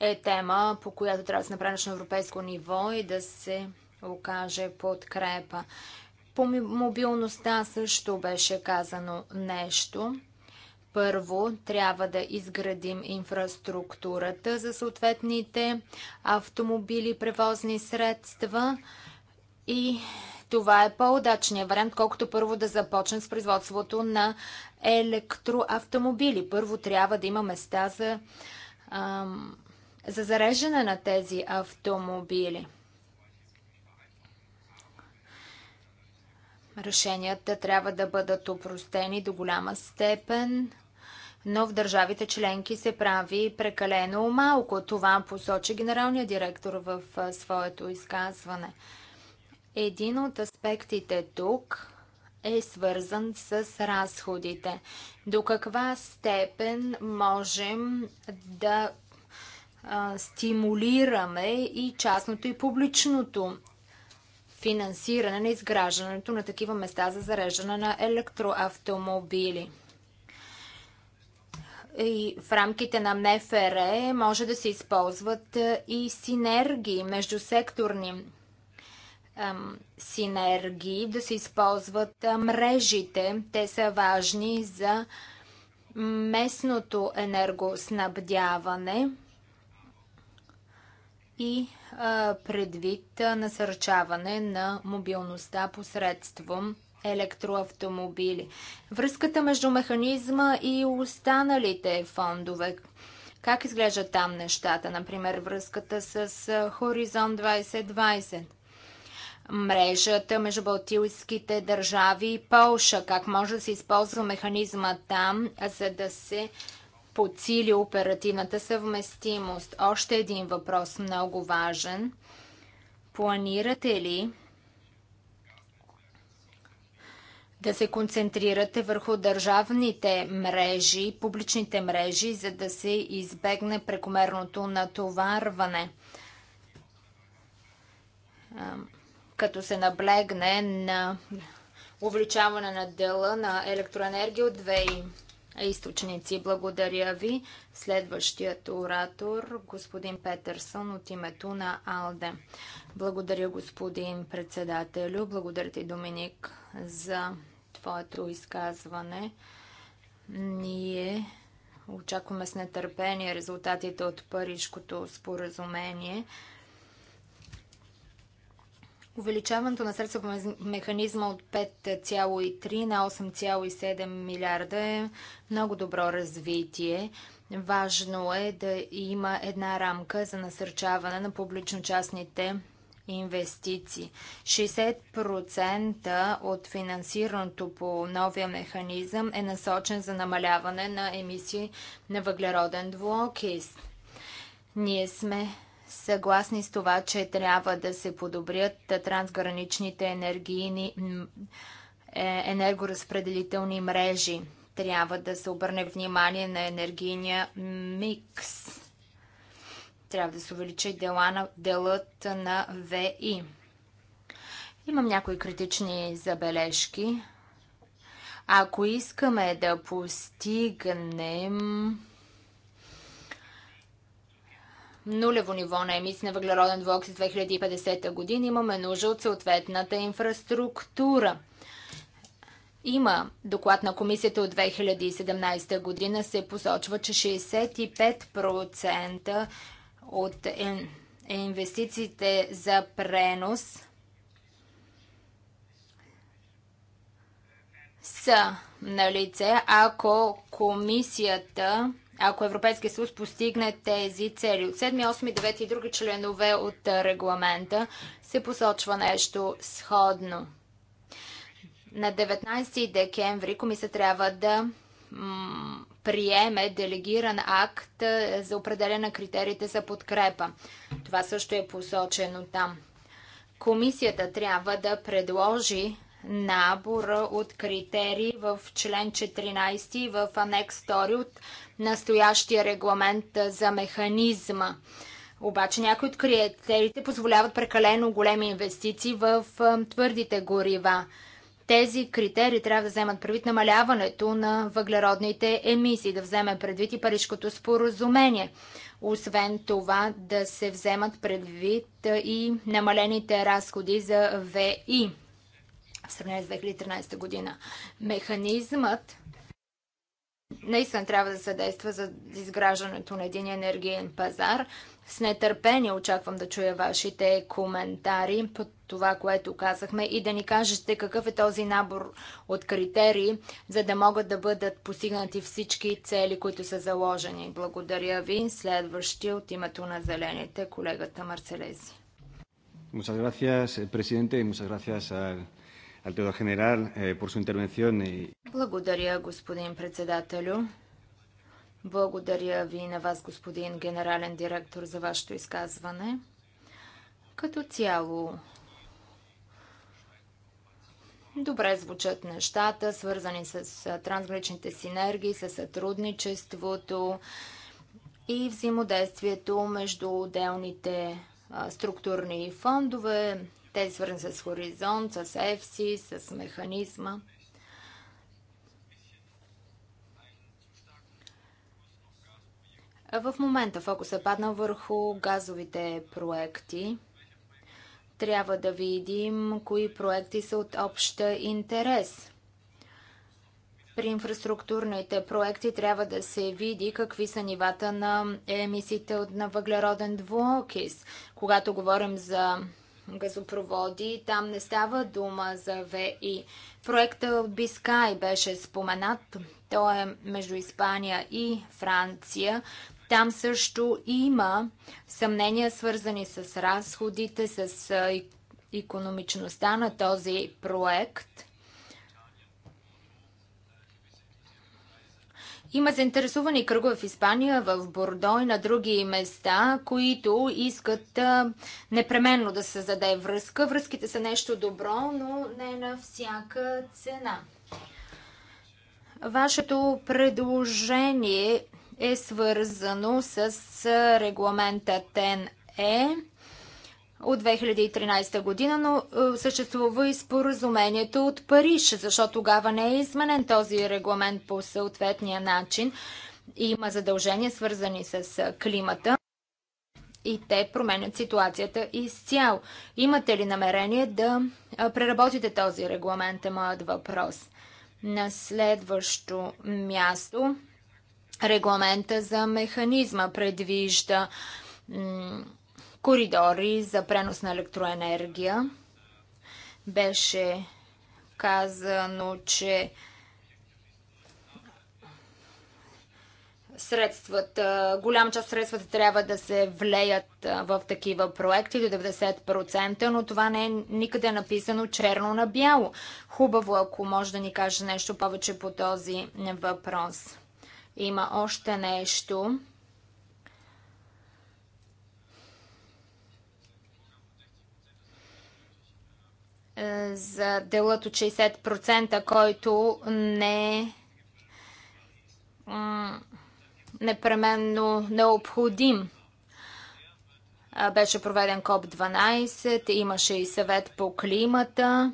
е тема, по която трябва да се направи на европейско ниво и да се окаже подкрепа. По мобилността също беше казано нещо. Първо трябва да изградим инфраструктурата за съответните автомобили, превозни средства и това е по-удачният вариант, колкото първо да започнем с производството на електроавтомобили. Първо трябва да има места за, ам, за зареждане на тези автомобили. Решенията трябва да бъдат опростени до голяма степен но в държавите членки се прави прекалено малко. Това посочи генералният директор в своето изказване. Един от аспектите тук е свързан с разходите. До каква степен можем да стимулираме и частното и публичното финансиране на изграждането на такива места за зареждане на електроавтомобили? и в рамките на МФР може да се използват е, и синергии, междусекторни синергии, да се използват мрежите. Те са важни за местното енергоснабдяване и предвид насърчаване на мобилността посредством електроавтомобили. Връзката между механизма и останалите фондове. Как изглеждат там нещата? Например, връзката с Хоризон 2020 мрежата между балтийските държави и Полша. Как може да се използва механизма там, за да се подсили оперативната съвместимост? Още един въпрос, много важен. Планирате ли да се концентрирате върху държавните мрежи, публичните мрежи, за да се избегне прекомерното натоварване. Като се наблегне на увеличаване на дела на електроенергия от две източници. Благодаря ви. Следващият оратор, господин Петърсън от името на АЛДЕ. Благодаря, господин председателю. Благодаря ти, Доминик, за твоето изказване. Ние очакваме с нетърпение резултатите от Парижкото споразумение. Увеличаването на средства по механизма от 5,3 на 8,7 милиарда е много добро развитие. Важно е да има една рамка за насърчаване на публично-частните инвестиции. 60% от финансирането по новия механизъм е насочен за намаляване на емисии на въглероден двуокис. Ние сме съгласни с това, че трябва да се подобрят трансграничните енергийни е, енергоразпределителни мрежи. Трябва да се обърне внимание на енергийния микс трябва да се увеличи дела на, делът на ВИ. Имам някои критични забележки. Ако искаме да постигнем нулево ниво на емисия на въглероден двуокис 2050 година, имаме нужда от съответната инфраструктура. Има доклад на комисията от 2017 година, се посочва, че 65% от инвестициите за пренос са на лице, ако комисията, ако Европейския съюз постигне тези цели. От 7, 8, 9 и други членове от регламента се посочва нещо сходно. На 19 декември комисията трябва да приеме делегиран акт е, за определене на критериите за подкрепа. Това също е посочено там. Комисията трябва да предложи набора от критерии в член 14 в анекс 2 от настоящия регламент за механизма. Обаче някои от критериите позволяват прекалено големи инвестиции в е, твърдите горива тези критерии трябва да вземат предвид намаляването на въглеродните емисии, да вземе предвид и Парижкото споразумение. Освен това да се вземат предвид и намалените разходи за ВИ в сравнение с 2013 година. Механизмът наистина трябва да се действа за изграждането на един енергиен пазар. С нетърпение очаквам да чуя вашите коментари по това, което казахме и да ни кажете какъв е този набор от критерии, за да могат да бъдат постигнати всички цели, които са заложени. Благодаря ви. Следващи от името на зелените, колегата Марцелези. Muchas gracias, eh, presidente, y muchas gracias al Eh, Благодаря, господин председателю. Благодаря ви на вас, господин генерален директор, за вашето изказване. Като цяло, добре звучат нещата, свързани с трансграничните синергии, с сътрудничеството и взаимодействието между отделните структурни фондове, те свързани с Хоризонт, с ЕФСИ, с механизма. В момента фокус е паднал върху газовите проекти. Трябва да видим кои проекти са от обща интерес. При инфраструктурните проекти трябва да се види какви са нивата на емисиите на въглероден двуокис. Когато говорим за газопроводи. Там не става дума за ВИ. Проекта Бискай беше споменат. Той е между Испания и Франция. Там също има съмнения, свързани с разходите, с економичността на този проект – Има заинтересувани кръгове в Испания, в Бордо и на други места, които искат непременно да се създаде връзка. Връзките са нещо добро, но не на всяка цена. Вашето предложение е свързано с регламента ТЕН-Е от 2013 година, но е, съществува и споразумението от Париж, защото тогава не е изменен този регламент по съответния начин. Има задължения, свързани с е, климата и те променят ситуацията изцяло. Имате ли намерение да е, преработите този регламент е моят въпрос. На следващо място регламента за механизма предвижда коридори за пренос на електроенергия. Беше казано, че средствата, голяма част средствата трябва да се влеят в такива проекти до 90%, но това не е никъде написано черно на бяло. Хубаво, ако може да ни каже нещо повече по този въпрос. Има още нещо. Е, за делът от 60%, който не е непременно необходим. Е, беше проведен КОП-12, имаше и съвет по климата.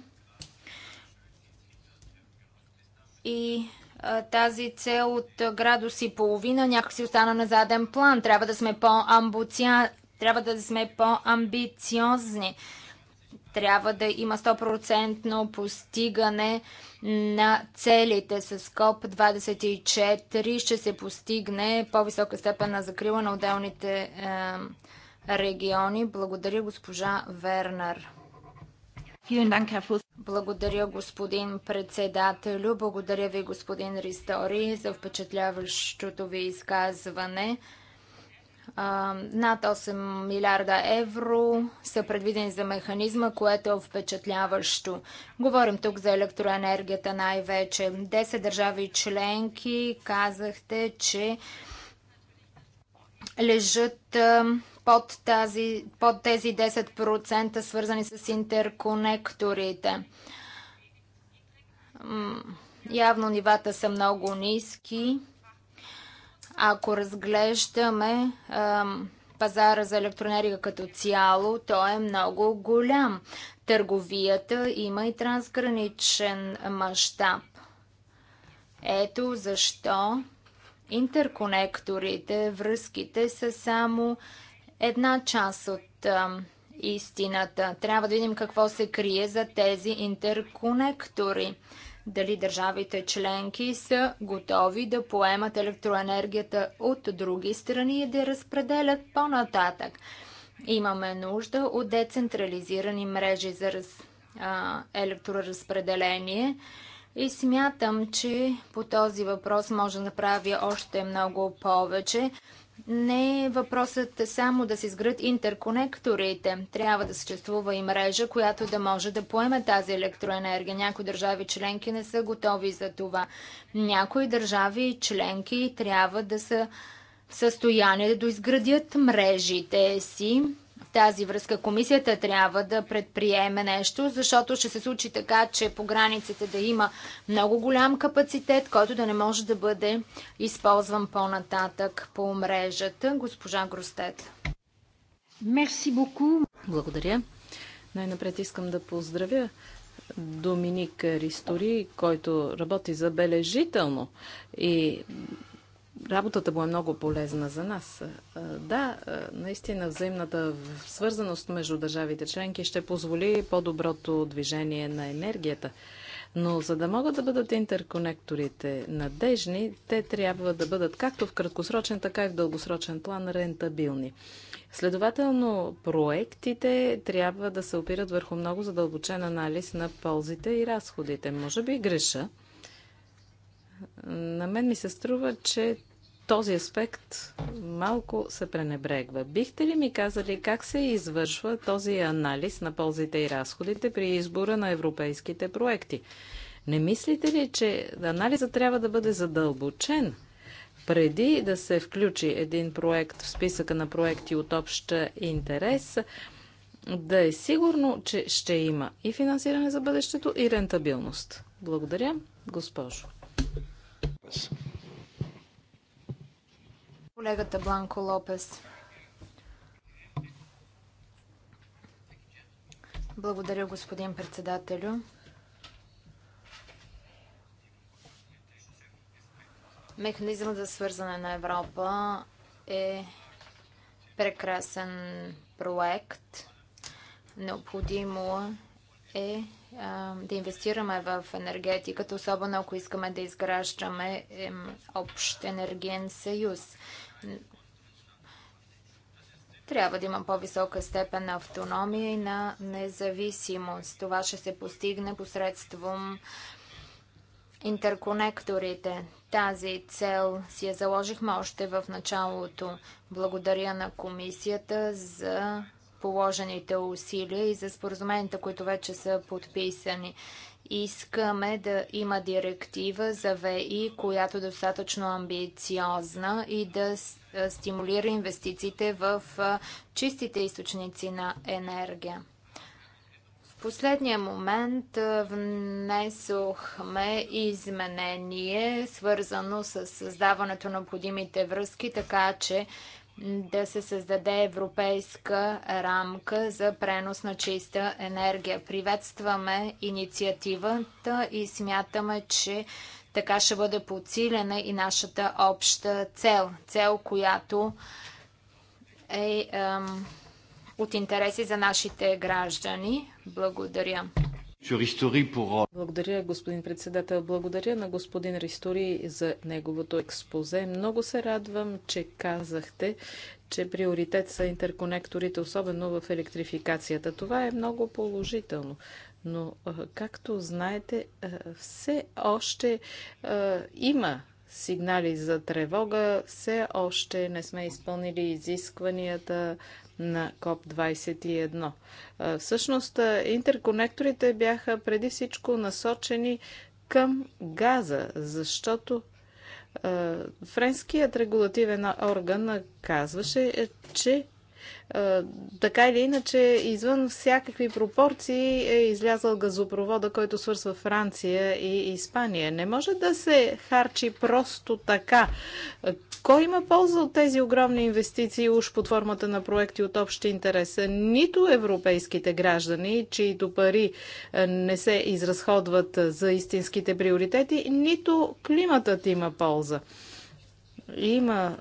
И е, тази цел от градус и половина някакси остана на заден план. Трябва да сме по-амбициозни. Трябва да сме по-амбициозни трябва да има 100% постигане на целите с КОП-24. Ще се постигне по-висока степен на закрила на отделните е, региони. Благодаря госпожа Вернер. Благодаря, господин председателю. Благодаря ви, господин Ристори, за впечатляващото ви изказване. Над 8 милиарда евро са предвидени за механизма, което е впечатляващо. Говорим тук за електроенергията най-вече. 10 държави членки казахте, че лежат под, тази, под тези 10% свързани с интерконекторите. Явно нивата са много ниски. Ако разглеждаме пазара за електроенергия като цяло, той е много голям. Търговията има и трансграничен мащаб. Ето защо интерконекторите, връзките са само една част от истината. Трябва да видим какво се крие за тези интерконектори дали държавите членки са готови да поемат електроенергията от други страни и да разпределят по-нататък. Имаме нужда от децентрализирани мрежи за раз, а, електроразпределение и смятам, че по този въпрос може да направя още много повече не е въпросът само да се изградят интерконекторите. Трябва да съществува и мрежа, която да може да поеме тази електроенергия. Някои държави членки не са готови за това. Някои държави членки трябва да са в състояние да доизградят мрежите си тази връзка комисията трябва да предприеме нещо, защото ще се случи така, че по границите да има много голям капацитет, който да не може да бъде използван по-нататък по мрежата. Госпожа Гростет. Мерси боку. Благодаря. Най-напред искам да поздравя Доминик Ристори, който работи забележително и работата му е много полезна за нас. Да, наистина взаимната свързаност между държавите членки ще позволи по-доброто движение на енергията. Но за да могат да бъдат интерконекторите надежни, те трябва да бъдат както в краткосрочен, така и в дългосрочен план рентабилни. Следователно, проектите трябва да се опират върху много задълбочен анализ на ползите и разходите. Може би греша. На мен ми се струва, че този аспект малко се пренебрегва. Бихте ли ми казали как се извършва този анализ на ползите и разходите при избора на европейските проекти? Не мислите ли, че анализът трябва да бъде задълбочен преди да се включи един проект в списъка на проекти от общ интерес? Да е сигурно, че ще има и финансиране за бъдещето, и рентабилност. Благодаря, госпожо. Колегата Бланко Лопес. Благодаря, господин председателю. Механизмът за свързане на Европа е прекрасен проект. Необходимо е а, да инвестираме в енергетиката, особено ако искаме да изграждаме общ енергиен съюз. Трябва да има по-висока степен на автономия и на независимост. Това ще се постигне посредством интерконекторите. Тази цел си я заложихме още в началото. Благодаря на комисията за положените усилия и за споразуменията, които вече са подписани. Искаме да има директива за ВИ, която е достатъчно амбициозна и да стимулира инвестициите в чистите източници на енергия. В последния момент внесохме изменение, свързано с създаването на необходимите връзки, така че да се създаде европейска рамка за пренос на чиста енергия. Приветстваме инициативата и смятаме, че така ще бъде подсилена и нашата обща цел. Цел, която е, от интереси за нашите граждани. Благодаря. Благодаря, господин председател. Благодаря на господин Ристори за неговото експозе. Много се радвам, че казахте, че приоритет са интерконекторите, особено в електрификацията. Това е много положително. Но, както знаете, все още има сигнали за тревога, все още не сме изпълнили изискванията на КОП-21. Всъщност, интерконекторите бяха преди всичко насочени към газа, защото френският регулативен орган казваше, е, че е, така или иначе, извън всякакви пропорции е излязъл газопровода, който свързва Франция и Испания. Не може да се харчи просто така. Е, кой има полза от тези огромни инвестиции, уж под формата на проекти от общи интерес? Нито европейските граждани, чието пари е, не се изразходват за истинските приоритети, нито климатът има полза. Има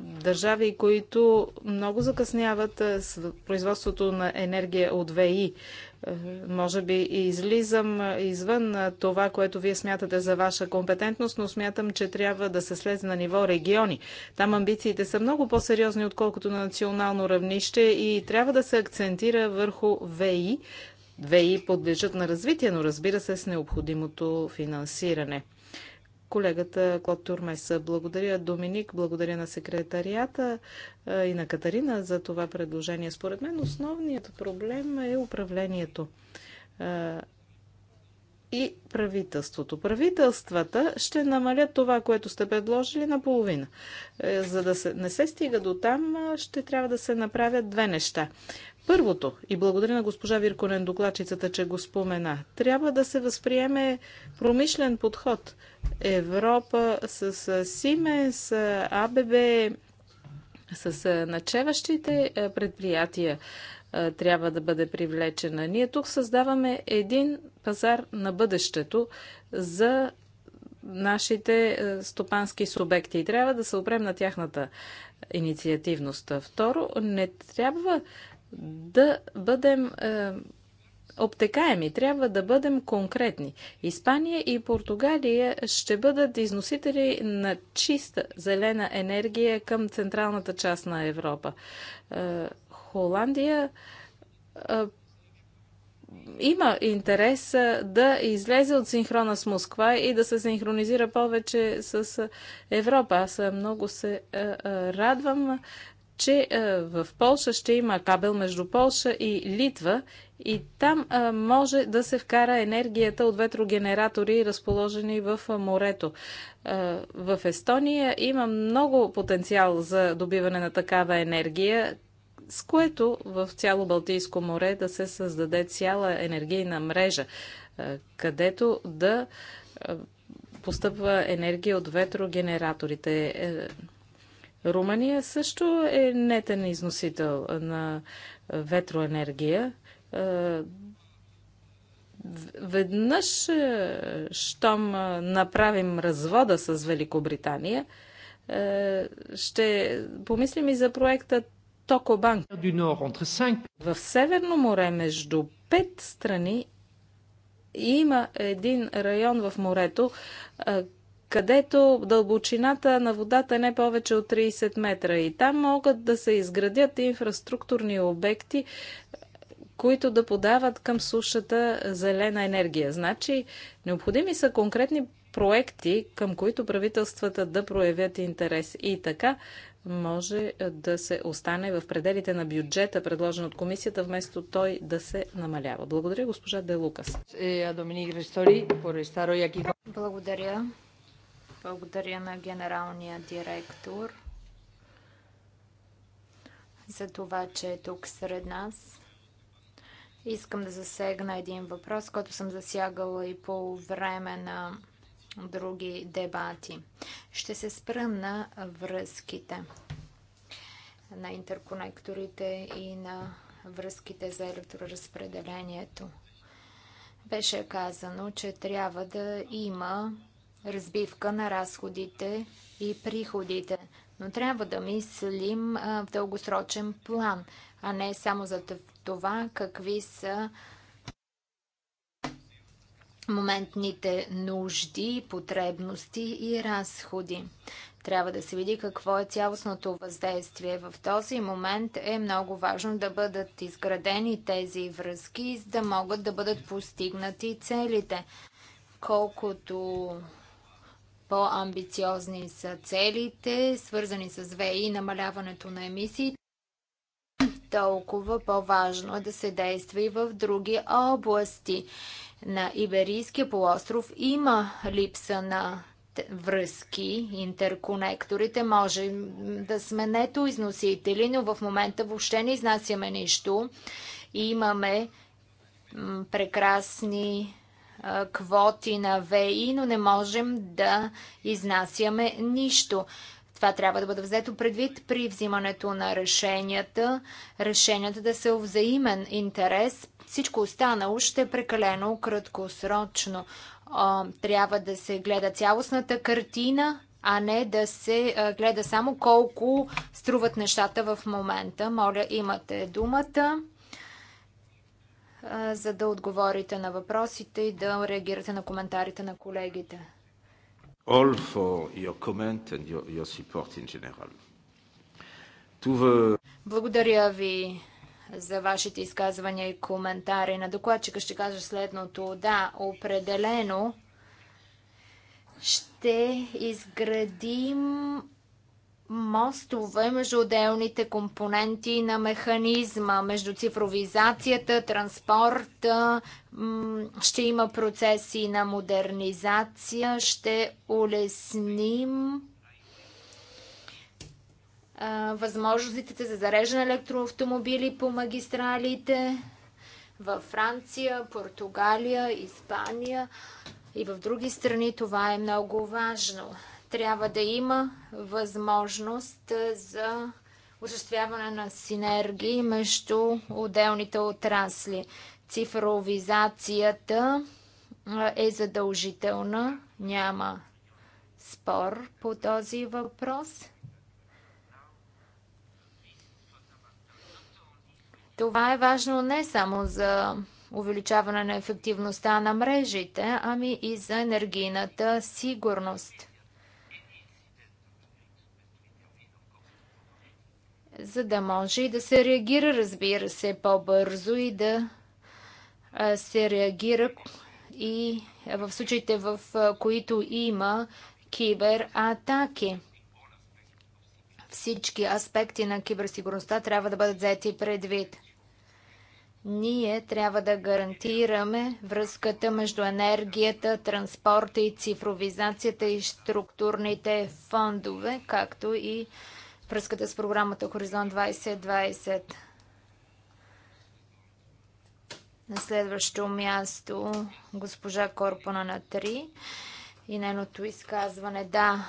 държави, които много закъсняват с производството на енергия от ВИ. Е, може би излизам извън това, което вие смятате за ваша компетентност, но смятам, че трябва да се слезе на ниво региони. Там амбициите са много по-сериозни, отколкото на национално равнище и трябва да се акцентира върху ВИ. ВИ подлежат на развитие, но разбира се с необходимото финансиране колегата Клод Турмес. Благодаря Доминик, благодаря на секретарията и на Катарина за това предложение. Според мен основният проблем е управлението и правителството. Правителствата ще намалят това, което сте предложили наполовина. Е, за да се, не се стига до там, ще трябва да се направят две неща. Първото, и благодаря на госпожа Вирконен докладчицата, че го спомена, трябва да се възприеме промишлен подход. Европа с Сименс, АББ, с начеващите предприятия трябва да бъде привлечена. Ние тук създаваме един пазар на бъдещето за нашите стопански субекти и трябва да се опрем на тяхната инициативност. Второ, не трябва да бъдем е, обтекаеми, трябва да бъдем конкретни. Испания и Португалия ще бъдат износители на чиста зелена енергия към централната част на Европа. Е, Холандия е, има интерес е, да излезе от синхрона с Москва и да се синхронизира повече с Европа. Аз много се е, е, радвам, че е, в Полша ще има кабел между Полша и Литва и там е, може да се вкара енергията от ветрогенератори, разположени в е, морето. В Естония има много потенциал за добиване на такава енергия, с което в цяло Балтийско море да се създаде цяла енергийна мрежа, където да постъпва енергия от ветрогенераторите. Румъния също е нетен износител на ветроенергия. Веднъж, щом направим развода с Великобритания, ще помислим и за проекта Токобанк. В Северно море между пет страни има един район в морето, където дълбочината на водата е не повече от 30 метра. И там могат да се изградят инфраструктурни обекти, които да подават към сушата зелена енергия. Значи, необходими са конкретни проекти, към които правителствата да проявят интерес. И така може да се остане в пределите на бюджета, предложен от комисията, вместо той да се намалява. Благодаря, госпожа Делукас. Е, Благодаря. Благодаря на генералния директор за това, че е тук сред нас. Искам да засегна един въпрос, който съм засягала и по време на други дебати. Ще се спра на връзките, на интерконекторите и на връзките за електроразпределението. Беше казано, че трябва да има разбивка на разходите и приходите. Но трябва да мислим в дългосрочен план, а не само за това какви са моментните нужди, потребности и разходи. Трябва да се види какво е цялостното въздействие. В този момент е много важно да бъдат изградени тези връзки, за да могат да бъдат постигнати целите. Колкото по-амбициозни са целите, свързани с ВИ и намаляването на емисиите, толкова по-важно е да се действа и в други области. На Иберийския полуостров има липса на връзки, интерконекторите. Може да сме нето износители, но в момента въобще не изнасяме нищо. И имаме прекрасни квоти на ВИ, но не можем да изнасяме нищо. Това трябва да бъде взето предвид при взимането на решенията, решенията да са взаимен интерес. Всичко останало ще е прекалено краткосрочно. Трябва да се гледа цялостната картина, а не да се гледа само колко струват нещата в момента. Моля, имате думата за да отговорите на въпросите и да реагирате на коментарите на колегите. All for your comment and your, your support in general. The... Благодаря ви за вашите изказвания и коментари. На докладчика ще кажа следното. Да, определено ще изградим мостове между отделните компоненти на механизма, между цифровизацията, транспорта. Ще има процеси на модернизация, ще улесним възможностите за зареждане на електроавтомобили по магистралите във Франция, Португалия, Испания и в други страни. Това е много важно. Трябва да има възможност е, за осъществяване на синергии между отделните отрасли. Цифровизацията е, е задължителна, няма спор по този въпрос. Това е важно не само за увеличаване на ефективността на мрежите, ами и за енергийната сигурност. за да може и да се реагира, разбира се, по-бързо и да се реагира и в случаите, в които има кибератаки. Всички аспекти на киберсигурността трябва да бъдат взети предвид. Ние трябва да гарантираме връзката между енергията, транспорта и цифровизацията и структурните фондове, както и връзката с програмата Хоризонт 2020. На следващо място госпожа Корпона на 3 и нейното изказване. Да,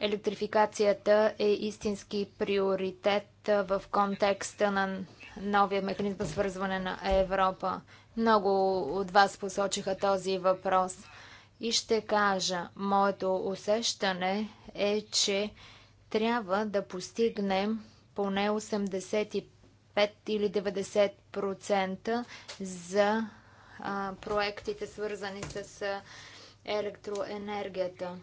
електрификацията е истински приоритет в контекста на новия механизъм свързване на Европа. Много от вас посочиха този въпрос – и ще кажа, моето усещане е, че трябва да постигнем поне 85 или 90% за а, проектите, свързани с а, електроенергията.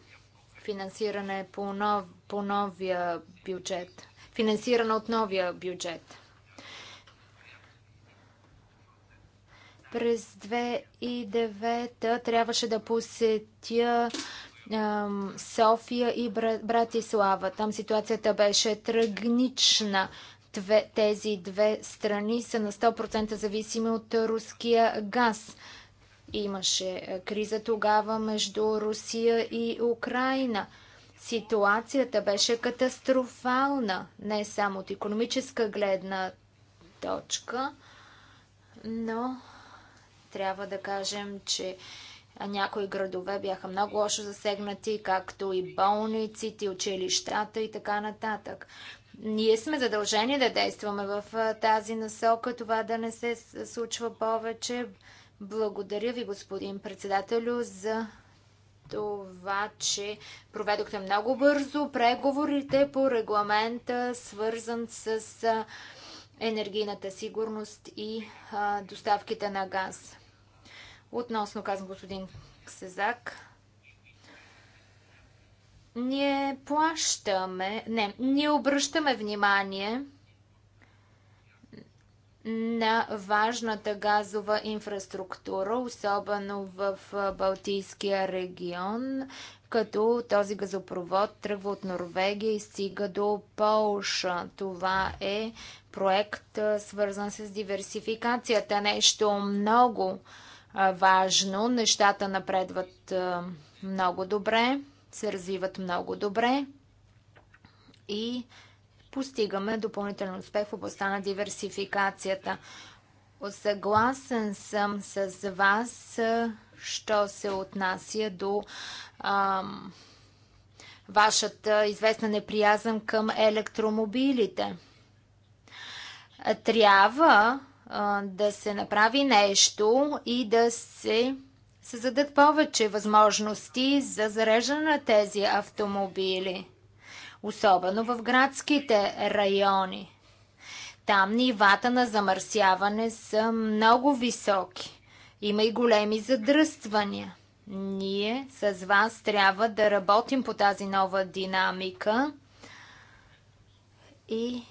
Финансиране по, нов, по новия бюджет. Финансиране от новия бюджет. През 2009 трябваше да посетя София и Братислава. Там ситуацията беше трагнична. Тези две страни са на 100% зависими от руския газ. Имаше е, криза тогава между Русия и Украина. Ситуацията беше катастрофална, не само от економическа гледна точка, но трябва да кажем, че някои градове бяха много лошо засегнати, както и болниците, училищата и така нататък. Ние сме задължени да действаме в тази насока, това да не се случва повече. Благодаря ви, господин председателю, за това, че проведохте много бързо преговорите по регламента, свързан с енергийната сигурност и доставките на газ. Относно, казвам господин Сезак, ние плащаме, не, ние обръщаме внимание на важната газова инфраструктура, особено в Балтийския регион, като този газопровод тръгва от Норвегия и стига до Полша. Това е проект свързан с диверсификацията. Нещо много важно. Нещата напредват много добре, се развиват много добре и постигаме допълнителен успех в областта на диверсификацията. Съгласен съм с вас, що се отнася до ам, вашата известна неприязъм към електромобилите. Трябва да се направи нещо и да се създадат повече възможности за зареждане на тези автомобили, особено в градските райони. Там нивата на замърсяване са много високи. Има и големи задръствания. Ние с вас трябва да работим по тази нова динамика и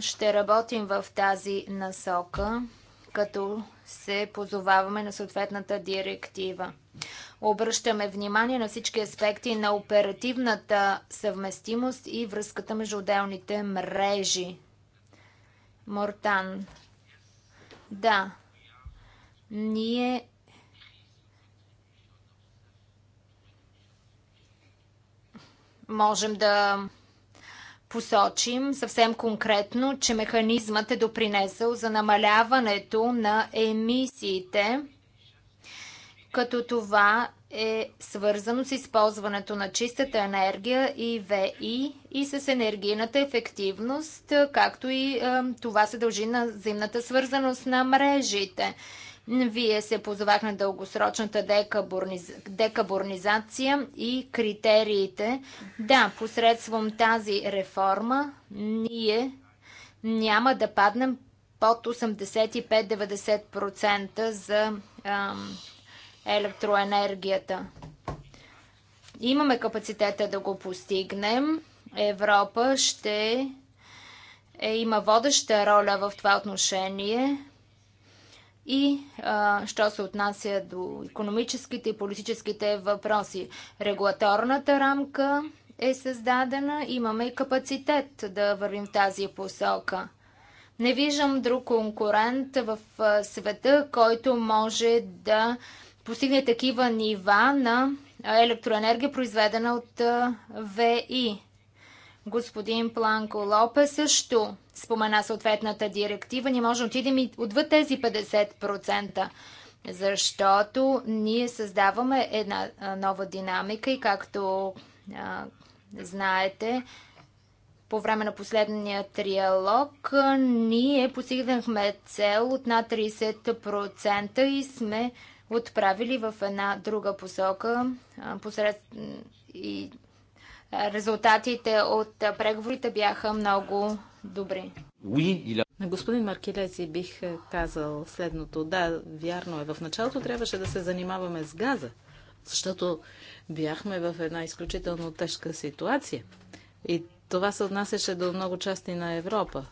ще работим в тази насока, като се позоваваме на съответната директива. Обръщаме внимание на всички аспекти на оперативната съвместимост и връзката между отделните мрежи. Мортан. Да. Ние можем да посочим съвсем конкретно, че механизмът е допринесъл за намаляването на емисиите, като това е свързано с използването на чистата енергия и ВИ и с енергийната ефективност, както и е, това се дължи на зимната свързаност на мрежите. Вие се позовах на дългосрочната декабурниз... декабурнизация и критериите. Да, посредством тази реформа ние няма да паднем под 85-90% за ам, електроенергията. Имаме капацитета да го постигнем. Европа ще е, има водеща роля в това отношение и а, що се отнася до економическите и политическите въпроси, регулаторната рамка е създадена, имаме и капацитет да вървим в тази посока. Не виждам друг конкурент в света, който може да постигне такива нива на електроенергия, произведена от ВИ. Господин Планко Лопе също спомена съответната директива, ние можем да отидем и отвъд тези 50%, защото ние създаваме една нова динамика и както а, знаете, по време на последния триалог ние постигнахме цел от над 30% и сме отправили в една друга посока посред и резултатите от преговорите бяха много Добре. На господин Маркилези бих е, казал следното. Да, вярно е. В началото трябваше да се занимаваме с газа, защото бяхме в една изключително тежка ситуация. И това се отнасяше до много части на Европа.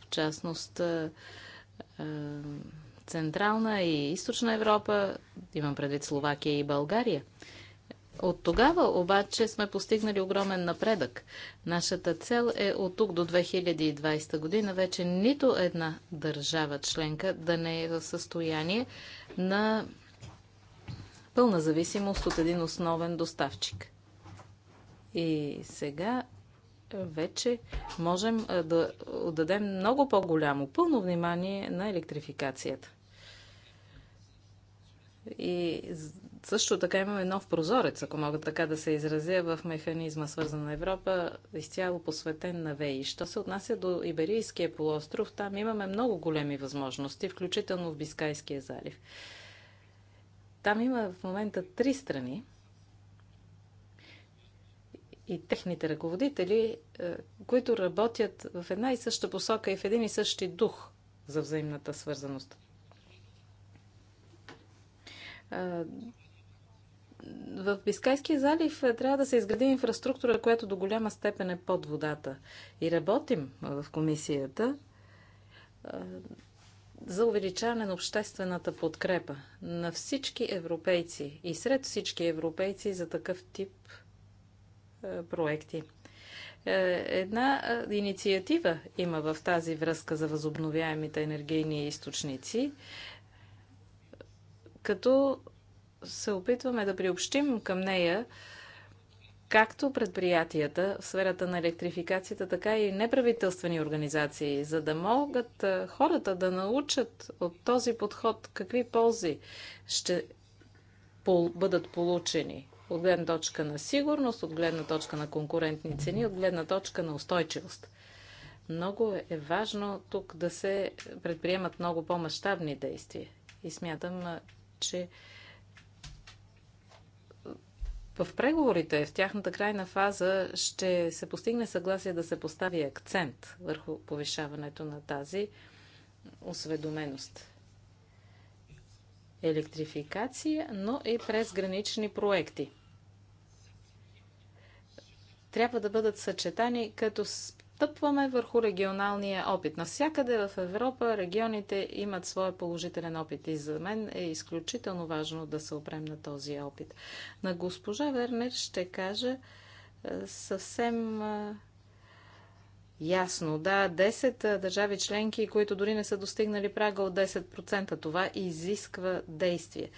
В частност, е, е, Централна и Източна Европа, имам предвид Словакия и България. От тогава обаче сме постигнали огромен напредък. Нашата цел е от тук до 2020 година вече нито една държава членка да не е в състояние на пълна зависимост от един основен доставчик. И сега вече можем да отдадем много по-голямо, пълно внимание на електрификацията. И също така имаме нов прозорец, ако мога така да се изразя, в механизма свързана Европа, изцяло посветен на ВЕИ. Що се отнася до Иберийския полуостров, там имаме много големи възможности, включително в Бискайския залив. Там има в момента три страни и техните ръководители, е, които работят в една и съща посока и в един и същи дух за взаимната свързаност е, в Бискайския залив е, трябва да се изгради инфраструктура, която до голяма степен е под водата. И работим в комисията е, за увеличаване на обществената подкрепа на всички европейци и сред всички европейци за такъв тип е, проекти. Една инициатива има в тази връзка за възобновяемите енергийни източници, като се опитваме да приобщим към нея както предприятията в сферата на електрификацията, така и неправителствени организации, за да могат хората да научат от този подход какви ползи ще бъдат получени от гледна точка на сигурност, от гледна точка на конкурентни цени, от гледна точка на устойчивост. Много е важно тук да се предприемат много по-масштабни действия. И смятам, че в преговорите, в тяхната крайна фаза, ще се постигне съгласие да се постави акцент върху повишаването на тази осведоменост. Електрификация, но и през гранични проекти. Трябва да бъдат съчетани, като стъпваме върху регионалния опит. Навсякъде в Европа регионите имат своя положителен опит и за мен е изключително важно да се опрем на този опит. На госпожа Вернер ще кажа е, съвсем е, Ясно, да. 10 е, държави членки, които дори не са достигнали прага от 10%. Това изисква действие.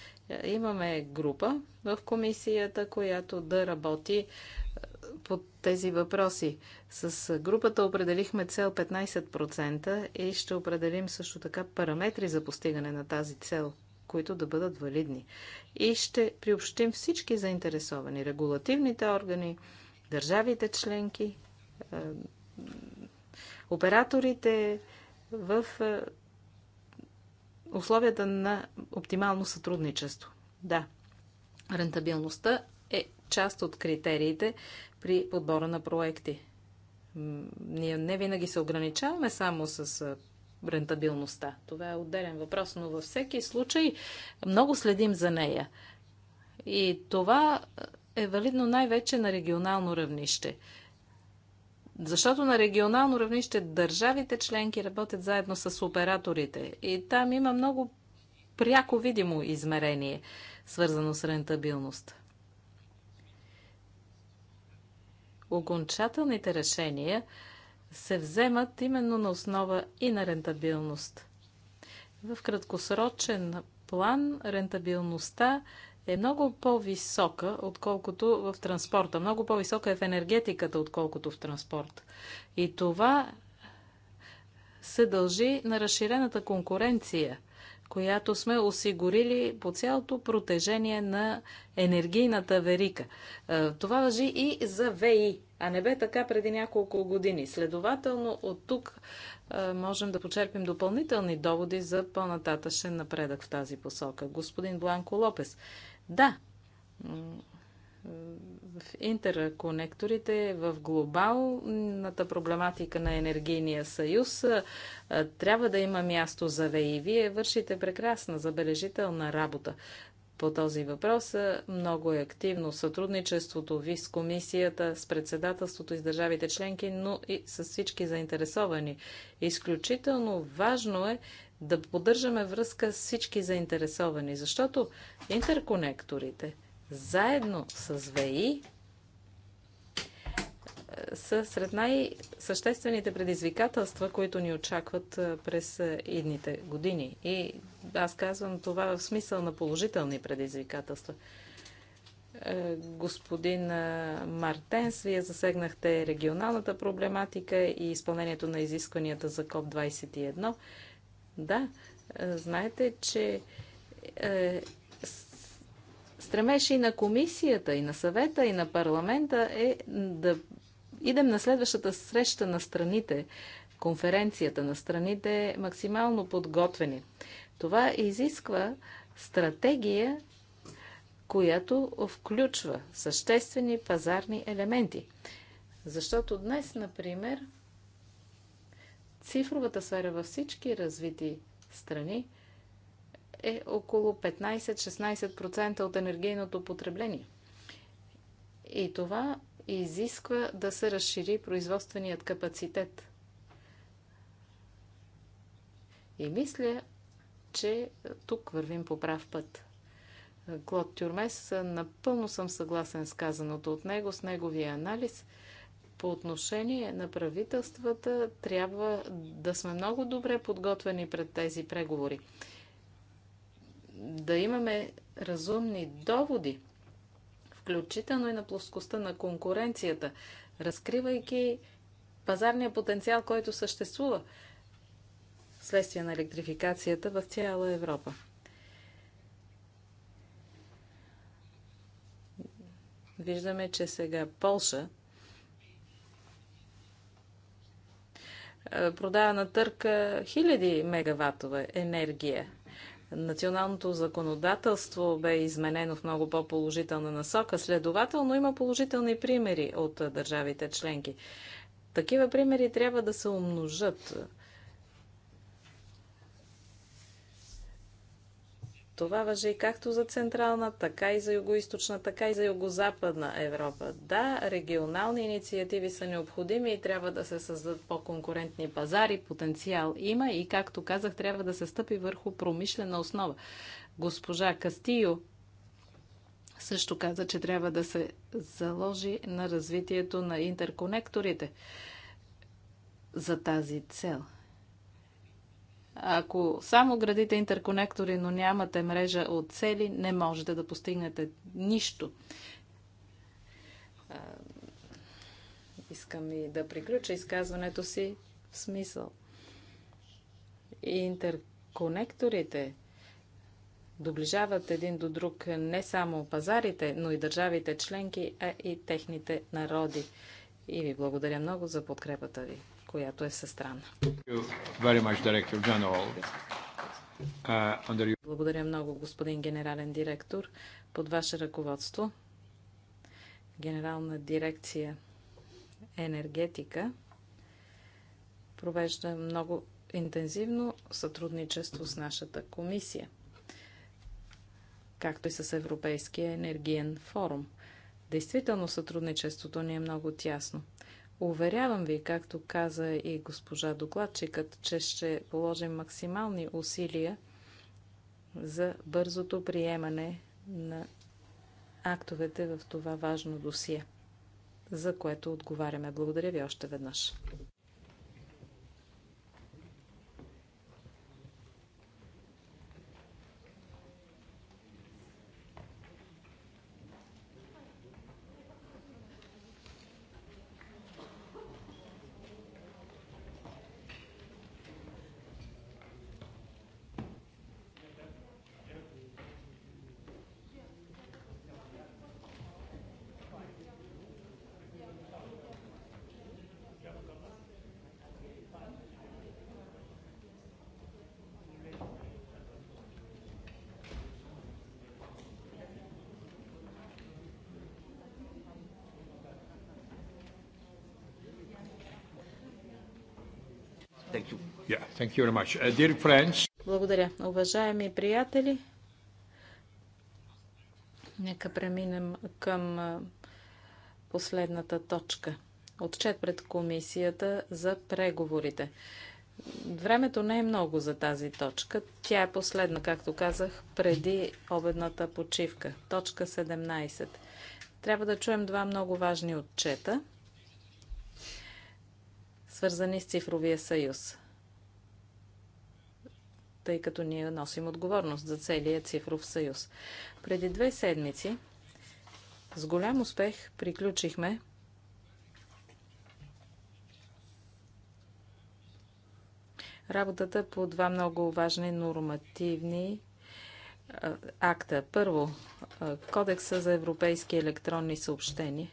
Имаме група в комисията, която да работи по тези въпроси. С групата определихме цел 15% и ще определим също така параметри за постигане на тази цел, които да бъдат валидни. И ще приобщим всички заинтересовани регулативните органи, държавите членки, е, операторите в е, условията на оптимално сътрудничество. Да, рентабилността е част от критериите, при подбора на проекти. Ние не винаги се ограничаваме само с рентабилността. Това е отделен въпрос, но във всеки случай много следим за нея. И това е валидно най-вече на регионално равнище. Защото на регионално равнище държавите членки работят заедно с операторите. И там има много пряко видимо измерение, свързано с рентабилност. окончателните решения се вземат именно на основа и на рентабилност. В краткосрочен план рентабилността е много по-висока, отколкото в транспорта. Много по-висока е в енергетиката, отколкото в транспорт. И това се дължи на разширената конкуренция – която сме осигурили по цялото протежение на енергийната верика. Е, това въжи и за ВИ, а не бе така преди няколко години. Следователно, от тук е, можем да почерпим допълнителни доводи за по-нататъчен напредък в тази посока. Господин Бланко Лопес. Да, в интерконекторите, в глобалната проблематика на енергийния съюз трябва да има място за ВЕИ. Вие вършите прекрасна, забележителна работа по този въпрос. Много е активно сътрудничеството ви с комисията, с председателството и с държавите членки, но и с всички заинтересовани. Изключително важно е да поддържаме връзка с всички заинтересовани, защото интерконекторите – заедно с ВИ е, са сред най-съществените предизвикателства, които ни очакват е, през е, идните години. И аз казвам това в смисъл на положителни предизвикателства. Господин Мартенс, вие засегнахте регионалната проблематика и изпълнението на изискванията за КОП-21. Да, знаете, че Стремеж и на комисията, и на съвета, и на парламента е да идем на следващата среща на страните, конференцията на страните, максимално подготвени. Това изисква стратегия, която включва съществени пазарни елементи. Защото днес, например, цифровата сфера във всички развити страни – е около 15-16% от енергийното потребление. И това изисква да се разшири производственият капацитет. И мисля, че тук вървим по прав път. Клод Тюрмес, напълно съм съгласен с казаното от него, с неговия анализ. По отношение на правителствата трябва да сме много добре подготвени пред тези преговори да имаме разумни доводи, включително и на плоскостта на конкуренцията, разкривайки пазарния потенциал, който съществува следствие на електрификацията в цяла Европа. Виждаме, че сега Полша продава на търка хиляди мегаватова енергия националното законодателство бе изменено в много по-положителна насока. Следователно има положителни примери от държавите членки. Такива примери трябва да се умножат. Това въжи както за Централна, така и за Юго-Источна, така и за Юго-Западна Европа. Да, регионални инициативи са необходими и трябва да се създадат по-конкурентни пазари, потенциал има и, както казах, трябва да се стъпи върху промишлена основа. Госпожа Кастио също каза, че трябва да се заложи на развитието на интерконекторите за тази цел – ако само градите интерконектори, но нямате мрежа от цели, не можете да постигнете нищо. Искам и да приключа изказването си в смисъл. Интерконекторите доближават един до друг не само пазарите, но и държавите членки, а и техните народи. И ви благодаря много за подкрепата ви която е състрана. Uh, Благодаря много, господин генерален директор. Под ваше ръководство, генерална дирекция енергетика провежда много интензивно сътрудничество с нашата комисия, както и с Европейския енергиен форум. Действително сътрудничеството ни е много тясно. Уверявам ви, както каза и госпожа докладчикът, че ще положим максимални усилия за бързото приемане на актовете в това важно досие, за което отговаряме. Благодаря ви още веднъж. Thank you. Yeah, thank you very much. Uh, dear friends. Благодаря. Уважаеми приятели, нека преминем към последната точка. Отчет пред комисията за преговорите. Времето не е много за тази точка. Тя е последна, както казах, преди обедната почивка. Точка 17. Трябва да чуем два много важни отчета – свързани с цифровия съюз, тъй като ние носим отговорност за целия цифров съюз. Преди две седмици с голям успех приключихме работата по два много важни нормативни акта. Първо, Кодекса за европейски електронни съобщения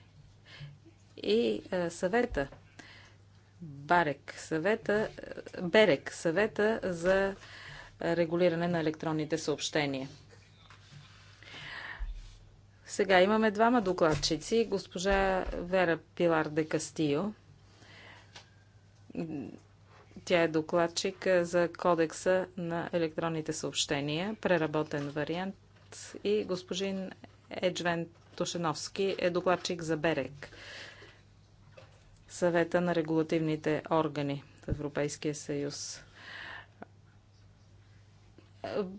и съвета Барек, съвета, Берек, съвета за регулиране на електронните съобщения. Сега имаме двама докладчици. Госпожа Вера Пилар де Кастио. Тя е докладчик за кодекса на електронните съобщения, преработен вариант. И госпожин Еджвен Тошеновски е докладчик за Берек съвета на регулативните органи в Европейския съюз.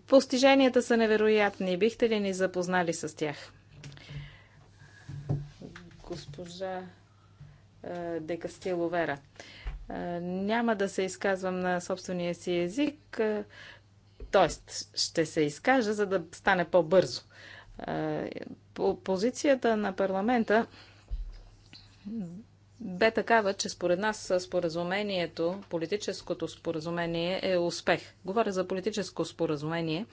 Постиженията са невероятни. Бихте ли ни запознали с тях? Госпожа е, Декастиловера. Е, няма да се изказвам на собствения си език, т.е. ще се изкажа, за да стане по-бързо. Е, По позицията на парламента бе такава, че според нас споразумението, политическото споразумение е успех. Говоря за политическо споразумение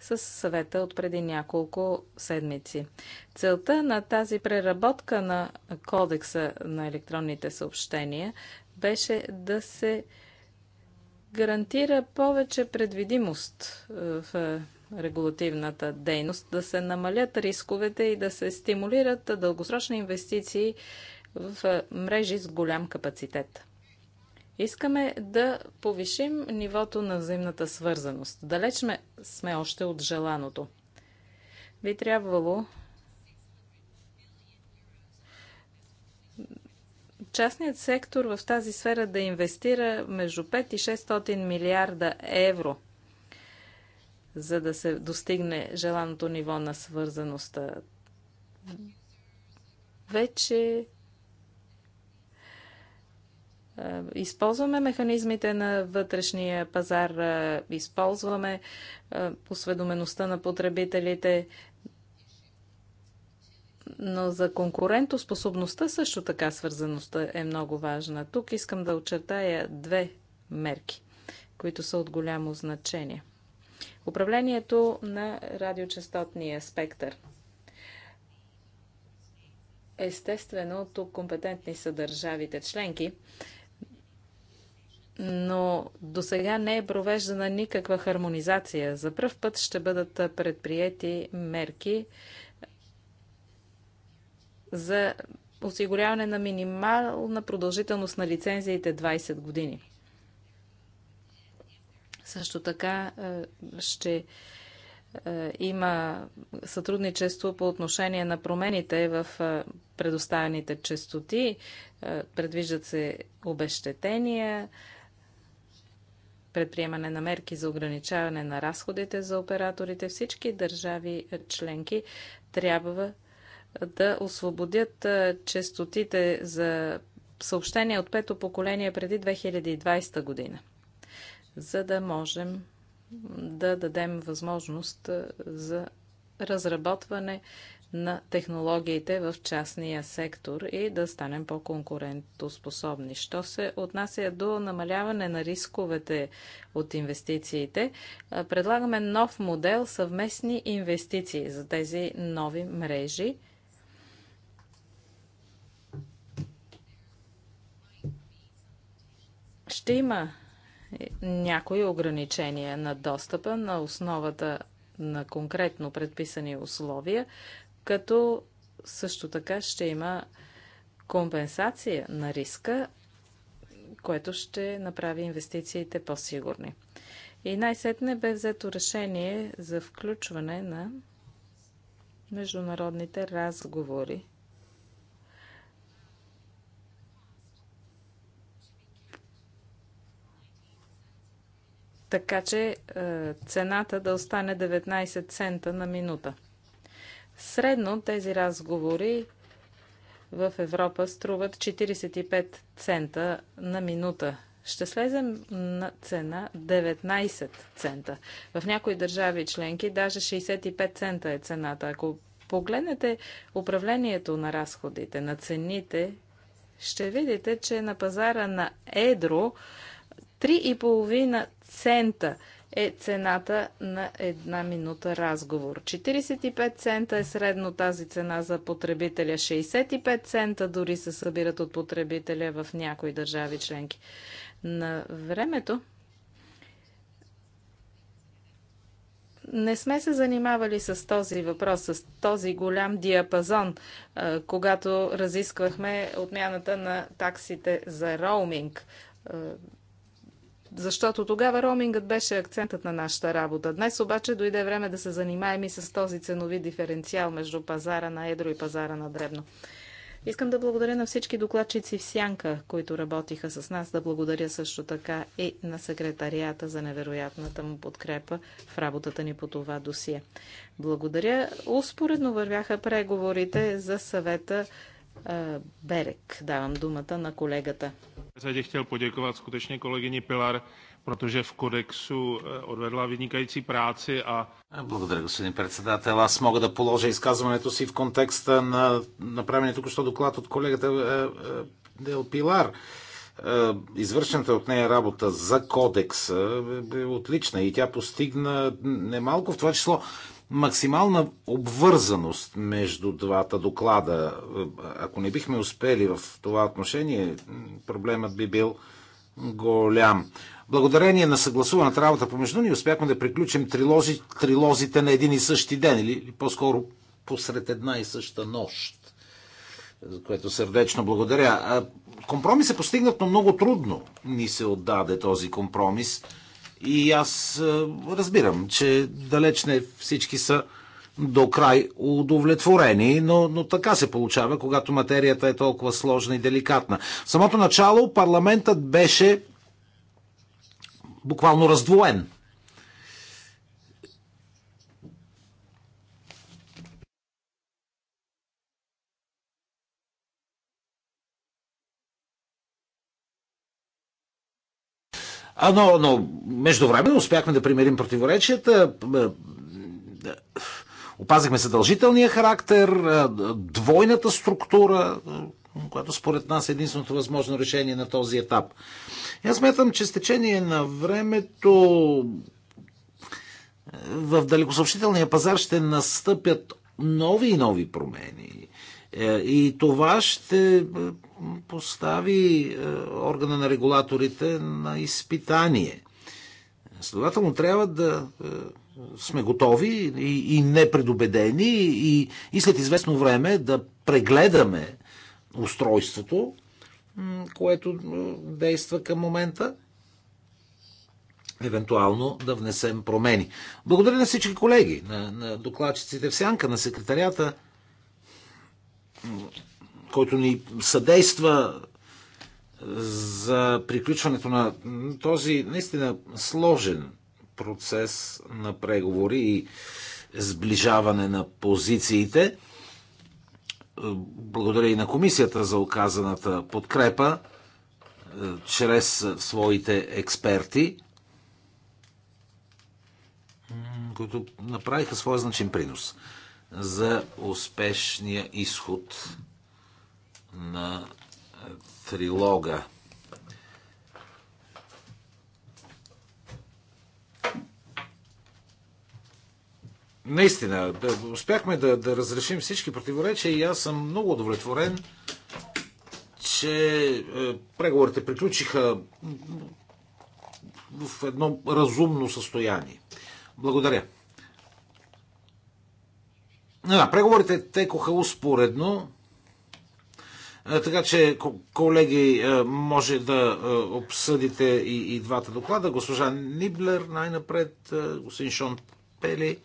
с съвета от преди няколко седмици. Целта на тази преработка на кодекса на електронните съобщения беше да се гарантира повече предвидимост е, в регулативната дейност, да се намалят рисковете и да се стимулират дългосрочни инвестиции в мрежи с голям капацитет. Искаме да повишим нивото на взаимната свързаност. Далеч сме, сме още от желаното. Би трябвало частният сектор в тази сфера да инвестира между 5 и 600 милиарда евро, за да се достигне желаното ниво на свързаността. Вече е, използваме механизмите на вътрешния пазар, е, използваме е, посведомеността на потребителите, но за конкурентоспособността също така свързаността е много важна. Тук искам да очертая две мерки, които са от голямо значение. Управлението на радиочастотния спектър. Естествено, тук компетентни са държавите членки но до сега не е провеждана никаква хармонизация. За първ път ще бъдат предприяти мерки за осигуряване на минимална продължителност на лицензиите 20 години. Също така е, ще е, има сътрудничество по отношение на промените в е, предоставените частоти. Предвиждат се обещетения, предприемане на мерки за ограничаване на разходите за операторите, всички държави е, членки трябва е, да освободят е, честотите за съобщения от пето поколение преди 2020 година, за да можем да дадем възможност за разработване на технологиите в частния сектор и да станем по-конкурентоспособни. Що се отнася до намаляване на рисковете от инвестициите, предлагаме нов модел съвместни инвестиции за тези нови мрежи. Ще има някои ограничения на достъпа на основата на конкретно предписани условия, като също така ще има компенсация на риска, което ще направи инвестициите по-сигурни. И най-сетне бе взето решение за включване на международните разговори. Така че е, цената да остане 19 цента на минута. Средно тези разговори в Европа струват 45 цента на минута. Ще слезем на цена 19 цента. В някои държави членки даже 65 цента е цената. Ако погледнете управлението на разходите, на цените, ще видите, че на пазара на Едро 3,5 цента е цената на една минута разговор. 45 цента е средно тази цена за потребителя. 65 цента дори се събират от потребителя в някои държави членки. На времето не сме се занимавали с този въпрос, с този голям диапазон, когато разисквахме отмяната на таксите за роуминг защото тогава роумингът беше акцентът на нашата работа. Днес обаче дойде време да се занимаем и с този ценови диференциал между пазара на едро и пазара на дребно. Искам да благодаря на всички докладчици в Сянка, които работиха с нас, да благодаря също така и на секретарията за невероятната му подкрепа в работата ни по това досие. Благодаря. Успоредно вървяха преговорите за съвета е, Берек. Давам думата на колегата. Řadě chtěl poděkovat skutečně kolegyni Pilar, protože v kodexu e, odvedla vynikající práci a... Благодаря, господин председател. Аз мога да положа изказването си в контекста на направения току-що доклад от колегата е, е, Дел Пилар. Извършената от нея работа за кодекса е отлична и тя постигна немалко, в това число максимална обвързаност между двата доклада. Ако не бихме успели в това отношение, проблемът би бил голям. Благодарение на съгласуваната работа помежду ни успяхме да приключим трилози, трилозите на един и същи ден, или по-скоро посред една и съща нощ, за което сърдечно благодаря. Компромис е постигнат, но много трудно ни се отдаде този компромис – и аз е, разбирам, че далеч не всички са до край удовлетворени, но, но така се получава, когато материята е толкова сложна и деликатна. В самото начало парламентът беше буквално раздвоен А, но, но време успяхме да примерим противоречията. Опазихме съдължителния характер, двойната структура, която според нас е единственото възможно решение на този етап. И аз смятам, че с течение на времето в далекосъобщителния пазар ще настъпят нови и нови промени. Е, и това ще е, постави е, органа на регулаторите на изпитание. Следователно трябва да сме готови и, непредубедени и, след известно време да прегледаме устройството, което действа към момента, евентуално да внесем промени. Благодаря на всички колеги, на докладчиците в сянка, на секретарията който ни съдейства е, за приключването на този наистина сложен процес на преговори и сближаване на позициите. Благодаря и на комисията за оказаната подкрепа е, чрез своите експерти, които направиха своя значим принос за успешния изход на е, трилога. Наистина, да, успяхме да, да разрешим всички противоречия и аз съм много удовлетворен, че е, преговорите приключиха в едно разумно състояние. Благодаря. Да, преговорите текоха успоредно. Е, така че, колеги, е, може да е, обсъдите и, и двата доклада. Госпожа Ниблер най-напред, господин Шон Пели.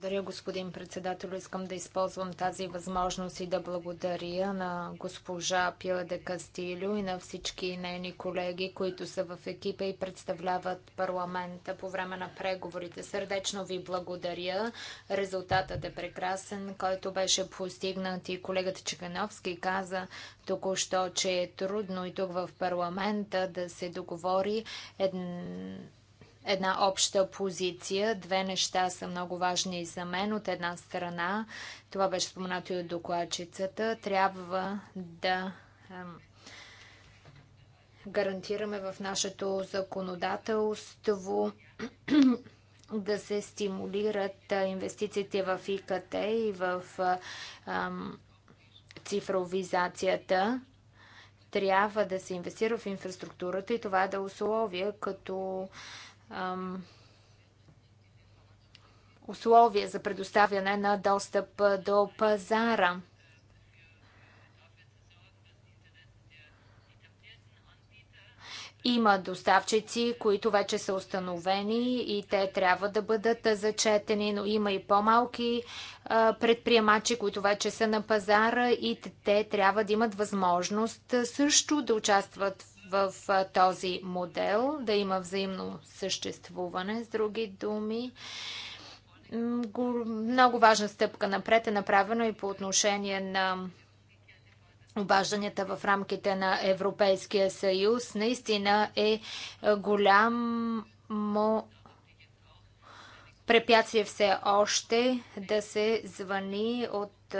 Благодаря, господин председател. Искам да използвам тази възможност и да благодаря на госпожа Пила де Кастилю и на всички нейни колеги, които са в екипа и представляват парламента по време на преговорите. Сърдечно ви благодаря. Резултатът е прекрасен, който беше постигнат и колегата Чекановски каза току-що, че е трудно и тук в парламента да се договори една една обща позиция. Две неща са много важни за мен. От една страна, това беше споменато и от докладчицата, трябва да гарантираме в нашето законодателство да се стимулират инвестициите в ИКТ и в цифровизацията. Трябва да се инвестира в инфраструктурата и това е да условие като ам, условия за предоставяне на достъп до пазара. Има доставчици, които вече са установени и те трябва да бъдат зачетени, но има и по-малки предприемачи, които вече са на пазара и те трябва да имат възможност също да участват в в този модел, да има взаимно съществуване, с други думи. Много важна стъпка напред е направено и по отношение на обажданията в рамките на Европейския съюз. Наистина е, е голямо препятствие все още да се звъни от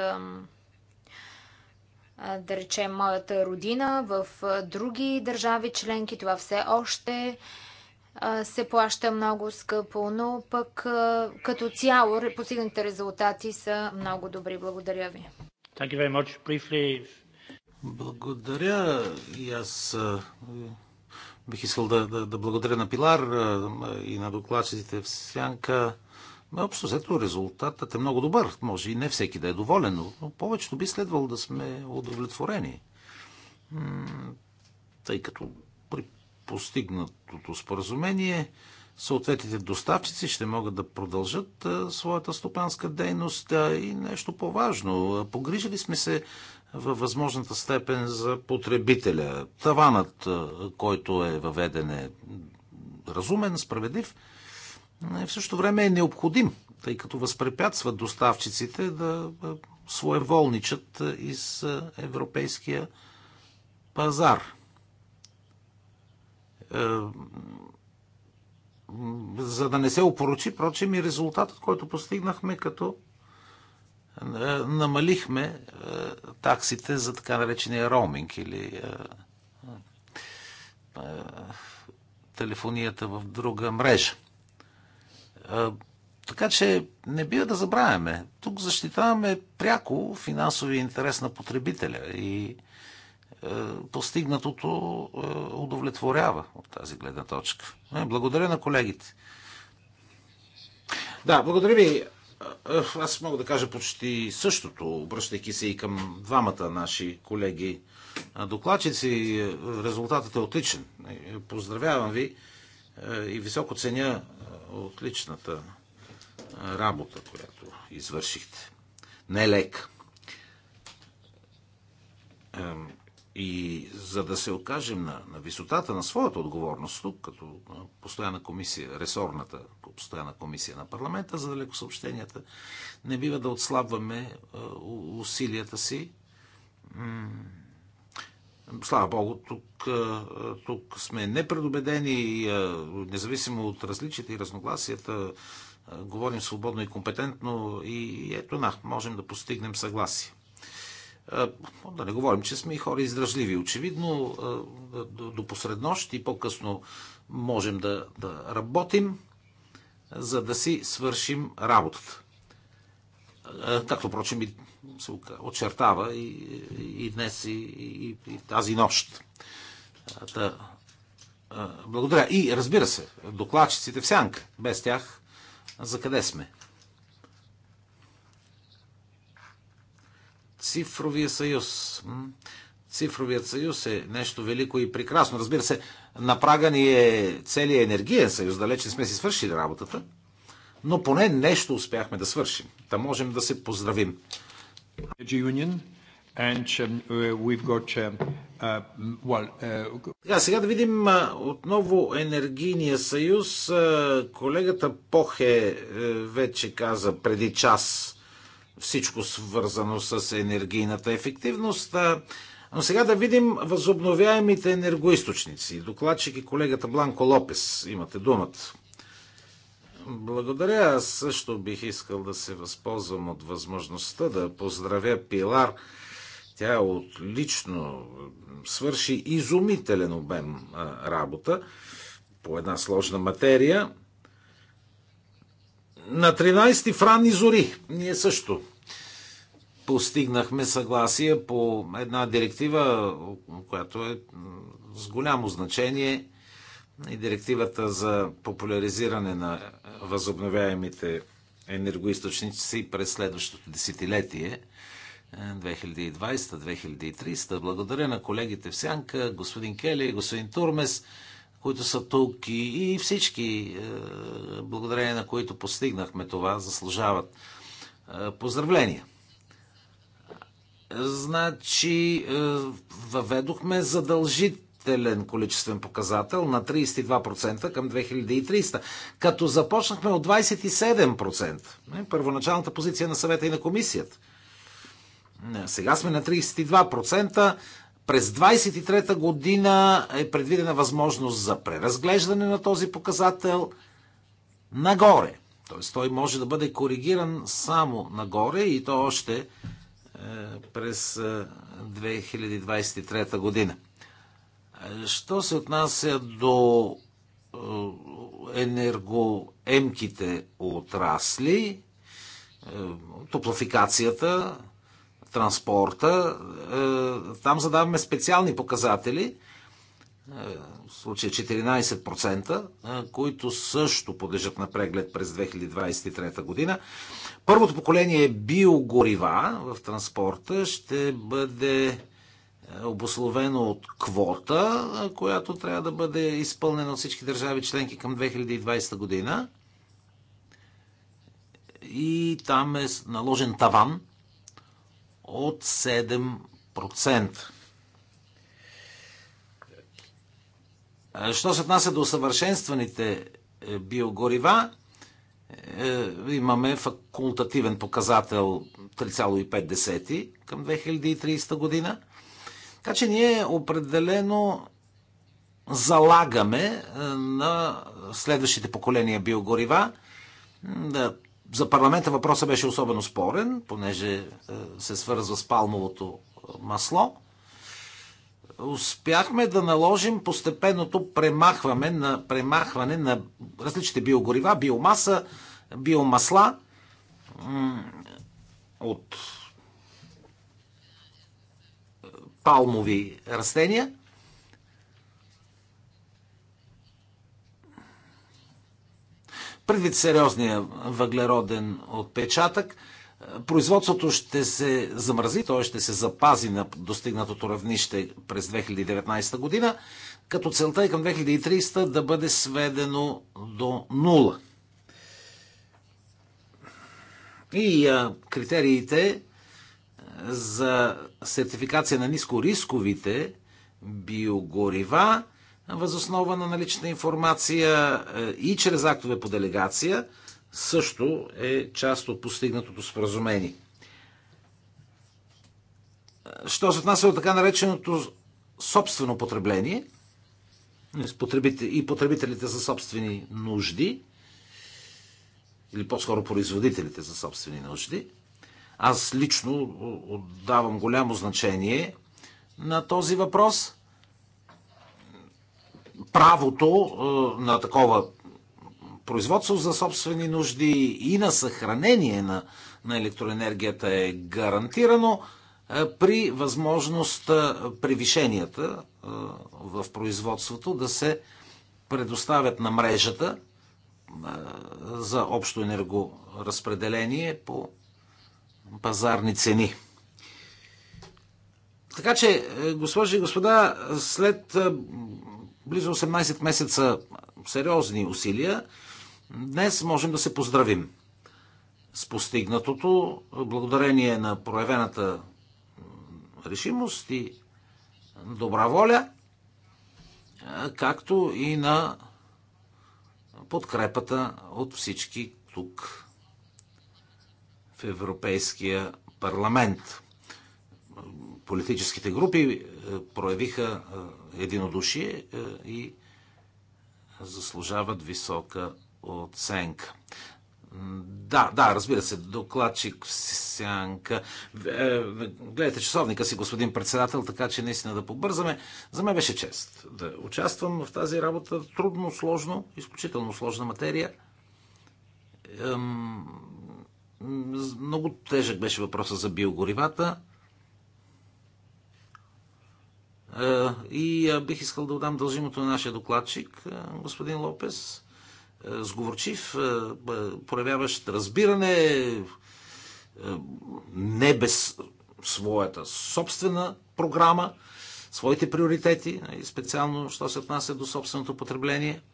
да речем, моята родина, в други държави членки. Това все още се плаща много скъпо, но пък като цяло постигнатите резултати са много добри. Благодаря ви. Благодаря. И аз бих искал да, да, да благодаря на Пилар и на докладчиците в Сянка. Но общо взето резултатът е много добър. Може и не всеки да е доволен, но повечето би следвало да сме удовлетворени. Тъй като при постигнатото споразумение съответните доставчици ще могат да продължат своята стопанска дейност и нещо по-важно. Погрижили сме се във възможната степен за потребителя. Таванът, който е въведен е разумен, справедлив – е, в същото време е необходим, тъй като възпрепятства доставчиците да е, своеволничат е, из европейския пазар. За да не се опорочи, прочим, и резултатът, който постигнахме, като намалихме таксите за така наречения роуминг или телефонията в друга мрежа. Така че не бива да забравяме. Тук защитаваме пряко финансовия интерес на потребителя и е, постигнатото е, удовлетворява от тази гледна точка. Е, благодаря на колегите. Да, благодаря ви. Аз мога да кажа почти същото, обръщайки се и към двамата наши колеги докладчици. Резултатът е отличен. Поздравявам ви и високо ценя отличната работа, която извършихте. Не е лек. И за да се окажем на, на висотата на своята отговорност тук, като постоянна комисия, ресорната постоянна комисия на парламента за далекосъобщенията, не бива да отслабваме усилията си Слава Богу, тук, тук сме непредобедени и независимо от различията и разногласията, говорим свободно и компетентно и ето на, можем да постигнем съгласие. Да не говорим, че сме и хора издръжливи. Очевидно, до посреднощ и по-късно можем да, да работим, за да си свършим работата. Е, както, впрочем, се очертава и, и днес, и, и, и тази нощ. Е, та, е, благодаря. И, разбира се, докладчиците в сянка. Без тях, за къде сме? Цифровия съюз. Цифровият съюз е нещо велико и прекрасно. Разбира се, напрагани ни е целият енергиен съюз. далече не сме си свършили работата но поне нещо успяхме да свършим. Да можем да се поздравим. Сега, um, uh, um, uh, uh, сега да видим отново енергийния съюз. Колегата Похе е, вече каза преди час всичко свързано с енергийната ефективност. Но сега да видим възобновяемите енергоисточници. Докладчик и е колегата Бланко Лопес. Имате думата. Благодаря. Аз също бих искал да се възползвам от възможността да поздравя Пилар. Тя отлично свърши изумителен обем работа по една сложна материя. На 13 Фран зори. Ние също постигнахме съгласие по една директива, която е с голямо значение и директивата за популяризиране на възобновяемите енергоисточници през следващото десетилетие 2020-2030. Е, Благодаря на колегите в Сянка, господин Кели, господин Турмес, които са тук и, и всички, е, благодарение на които постигнахме това, заслужават е, поздравления. Значи, въведохме задължително положителен количествен показател на 32% към 2300, като започнахме от 27%. Е, първоначалната позиция на съвета и на комисията. Е, сега сме на 32%. През 23-та година е предвидена възможност за преразглеждане на този показател нагоре. Т.е. той може да бъде коригиран само нагоре и то още е, през 2023 година. Що се отнася до е, енергоемките отрасли, е, топлофикацията, транспорта, е, там задаваме специални показатели, в случая 14%, които също подлежат на преглед през 2023 година. Първото поколение биогорива в транспорта ще бъде обословено от квота, която трябва да бъде изпълнена от всички държави членки към 2020 година. И там е наложен таван от 7%. Що се отнася до усъвършенстваните е, биогорива, е, имаме факултативен показател 3,5 към 2030 година така че ние определено залагаме е, на следващите поколения биогорива. За парламента въпроса беше особено спорен, понеже е, се свързва с палмовото е, масло. Успяхме да наложим постепенното премахване на, премахване на различните биогорива, биомаса, биомасла от палмови растения. Предвид сериозния въглероден отпечатък, производството ще се замрази, т.е. ще се запази на достигнатото равнище през 2019 година, като целта е към 2300 да бъде сведено до нула. И а, критериите за сертификация на нискорисковите биогорива възоснова на налична информация е, и чрез актове по делегация също е част от постигнатото споразумение. Що се отнася до така нареченото собствено потребление е, и потребителите за собствени нужди, или по-скоро производителите за собствени нужди, аз лично отдавам голямо значение на този въпрос. Правото е, на такова производство за собствени нужди и на съхранение на, на електроенергията е гарантирано е, при възможност е, превишенията в производството да се предоставят на мрежата за общо енергоразпределение по пазарни цени. Така че, е, госпожи и господа, след е, близо 18 месеца сериозни усилия, днес можем да се поздравим с постигнатото, благодарение на проявената решимост и добра воля, е, както и на подкрепата от всички тук в Европейския парламент. Политическите групи е, проявиха е, единодушие е, и заслужават висока оценка. Да, да, разбира се, докладчик в сянка. Гледайте часовника си, господин председател, така че наистина да побързаме. За мен беше чест да участвам в тази работа. Трудно, сложно, изключително сложна материя. Много тежък беше въпроса за биогоривата. Е, и бих искал да отдам дължимото на нашия докладчик, е, господин Лопес. Е, сговорчив, проявяващ разбиране, не без своята собствена програма, своите приоритети, специално, що се отнася до собственото потребление –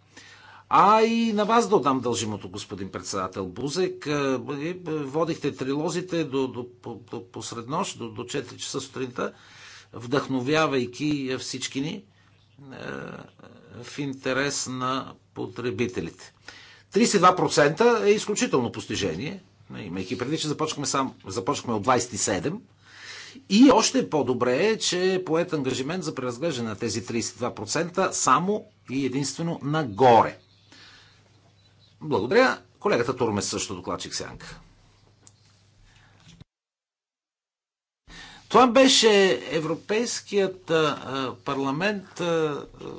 а и на вас да отдам дължимото, господин председател Бузек. Е, е, водихте трилозите до, до, до посред нощ, до, до 4 часа сутринта, вдъхновявайки всички ни е, в интерес на потребителите. 32% е изключително постижение, имайки преди, че започнахме, сам, започваме от 27%. И още по-добре е, че поет ангажимент за преразглеждане на тези 32% само и единствено нагоре. Благодаря. Колегата Турме също докладчик Сянка. Това беше Европейският парламент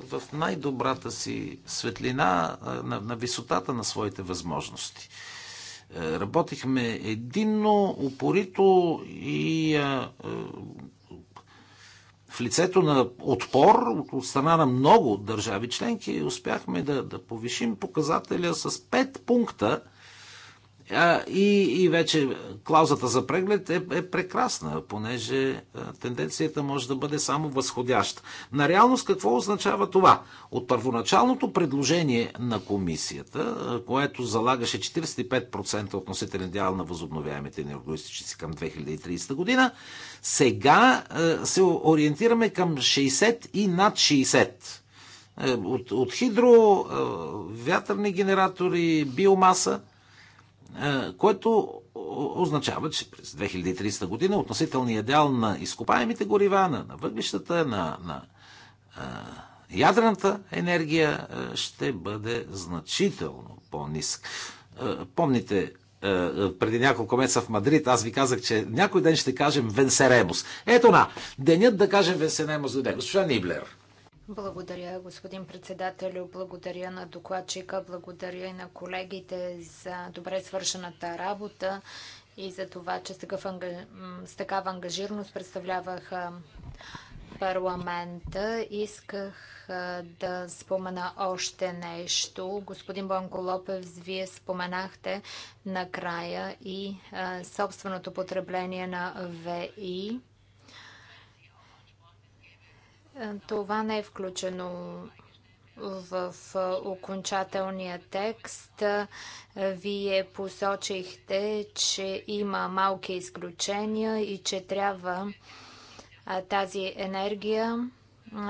в най-добрата си светлина, на, на висотата на своите възможности. Е, работихме единно, упорито и е, в лицето на отпор от страна на много държави членки успяхме да, да повишим показателя с 5 пункта и, и вече клаузата за преглед е, е прекрасна, понеже тенденцията може да бъде само възходяща. На реалност какво означава това? От първоначалното предложение на комисията, което залагаше 45% относителен дял на възобновяемите енергоистичници към 2030 година, сега се ориентираме към 60 и над 60 е, от, от хидро, вятърни генератори, биомаса. Е, което означава, че през 2030 година относителният дял на изкопаемите горива, на, на въглищата, на, на а, е, ядрената енергия е, ще бъде значително по-нисък. Помните, преди няколко месеца в Мадрид, аз ви казах, че някой ден ще кажем Венсеремус. Ето на, денят да кажем Венсеремус дойде. Госпожа Ниблер. Благодаря, господин председателю. Благодаря на докладчика, благодаря и на колегите за добре свършената работа и за това, че с, такъв анга... с такава ангажираност представлявах парламента. Исках да спомена още нещо. Господин Бонко Лопев, вие споменахте накрая и собственото потребление на ВИ. Това не е включено в окончателния текст. Вие посочихте, че има малки изключения и че трябва тази енергия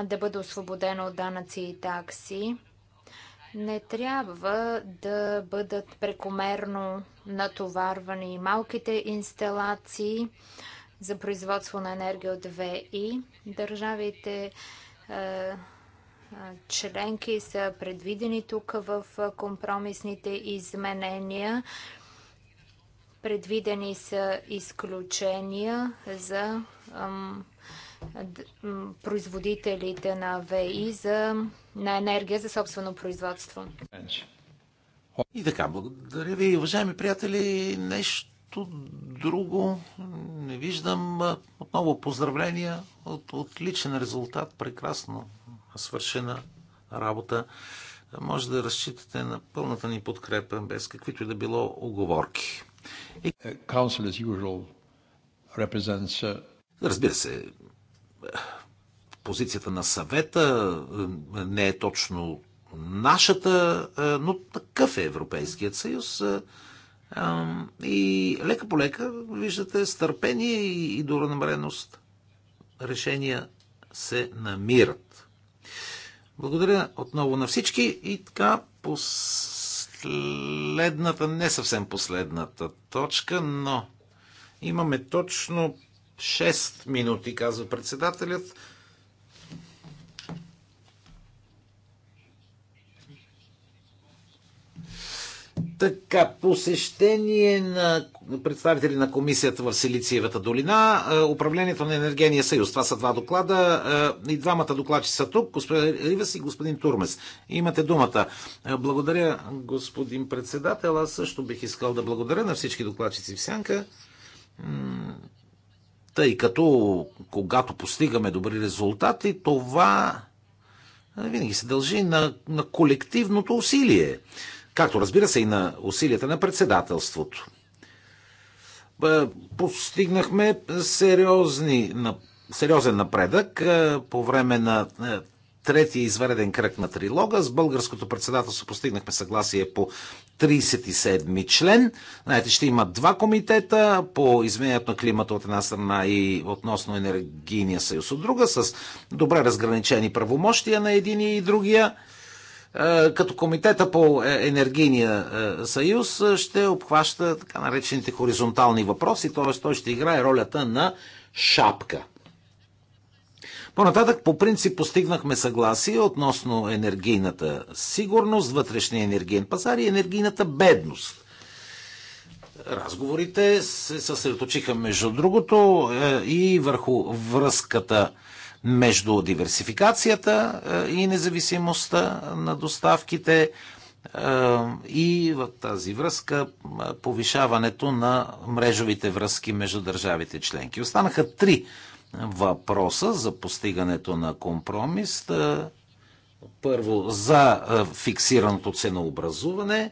да бъде освободена от данъци и такси. Не трябва да бъдат прекомерно натоварвани малките инсталации за производство на енергия от ВИ. Държавите е, е, членки са предвидени тук в е, компромисните изменения. Предвидени са изключения за производителите на ВИ за, на енергия за собствено производство. И така, благодаря ви, уважаеми приятели. Нещо Нищо друго не виждам. Отново поздравления от отличен резултат, прекрасно свършена работа. Може да разчитате на пълната ни подкрепа, без каквито и да било оговорки. И... Uh, Разбира се, позицията на съвета не е точно нашата, е, но такъв е Европейският съюз. Е, и лека по лека виждате стърпение и добронамереност. Решения се намират. Благодаря отново на всички и така последната, не съвсем последната точка, но имаме точно 6 минути, казва председателят. Така, посещение на представители на комисията в Силициевата долина, е, управлението на Енергения съюз. Това са два доклада. Е, и двамата докладчи са тук, господин Ривас и господин Турмес. Имате думата. Е, благодаря, господин председател. Аз също бих искал да благодаря на всички докладчици в Сянка. Тъй като, когато постигаме добри резултати, това винаги се дължи на, на колективното усилие. Както разбира се и на усилията на председателството. Е, постигнахме сериозни, сериозен напредък е, по време на е, третия извареден кръг на трилога. С българското председателство постигнахме съгласие по 37-ми член. Знаете, ще има два комитета по изменението на климата от една страна и относно енергийния съюз от друга, с добре разграничени правомощия на единия и другия. Е, като комитета по е, енергийния е, съюз ще обхваща така наречените хоризонтални въпроси, т.е. той ще играе ролята на шапка. Понататък по принцип постигнахме съгласие относно енергийната сигурност, вътрешния енергиен пазар и енергийната бедност. Разговорите се съсредоточиха между другото и върху връзката между диверсификацията е, и независимостта на доставките е, и в тази връзка е, повишаването на мрежовите връзки между държавите членки. Останаха три въпроса за постигането на компромис. Първо, за фиксираното ценообразуване,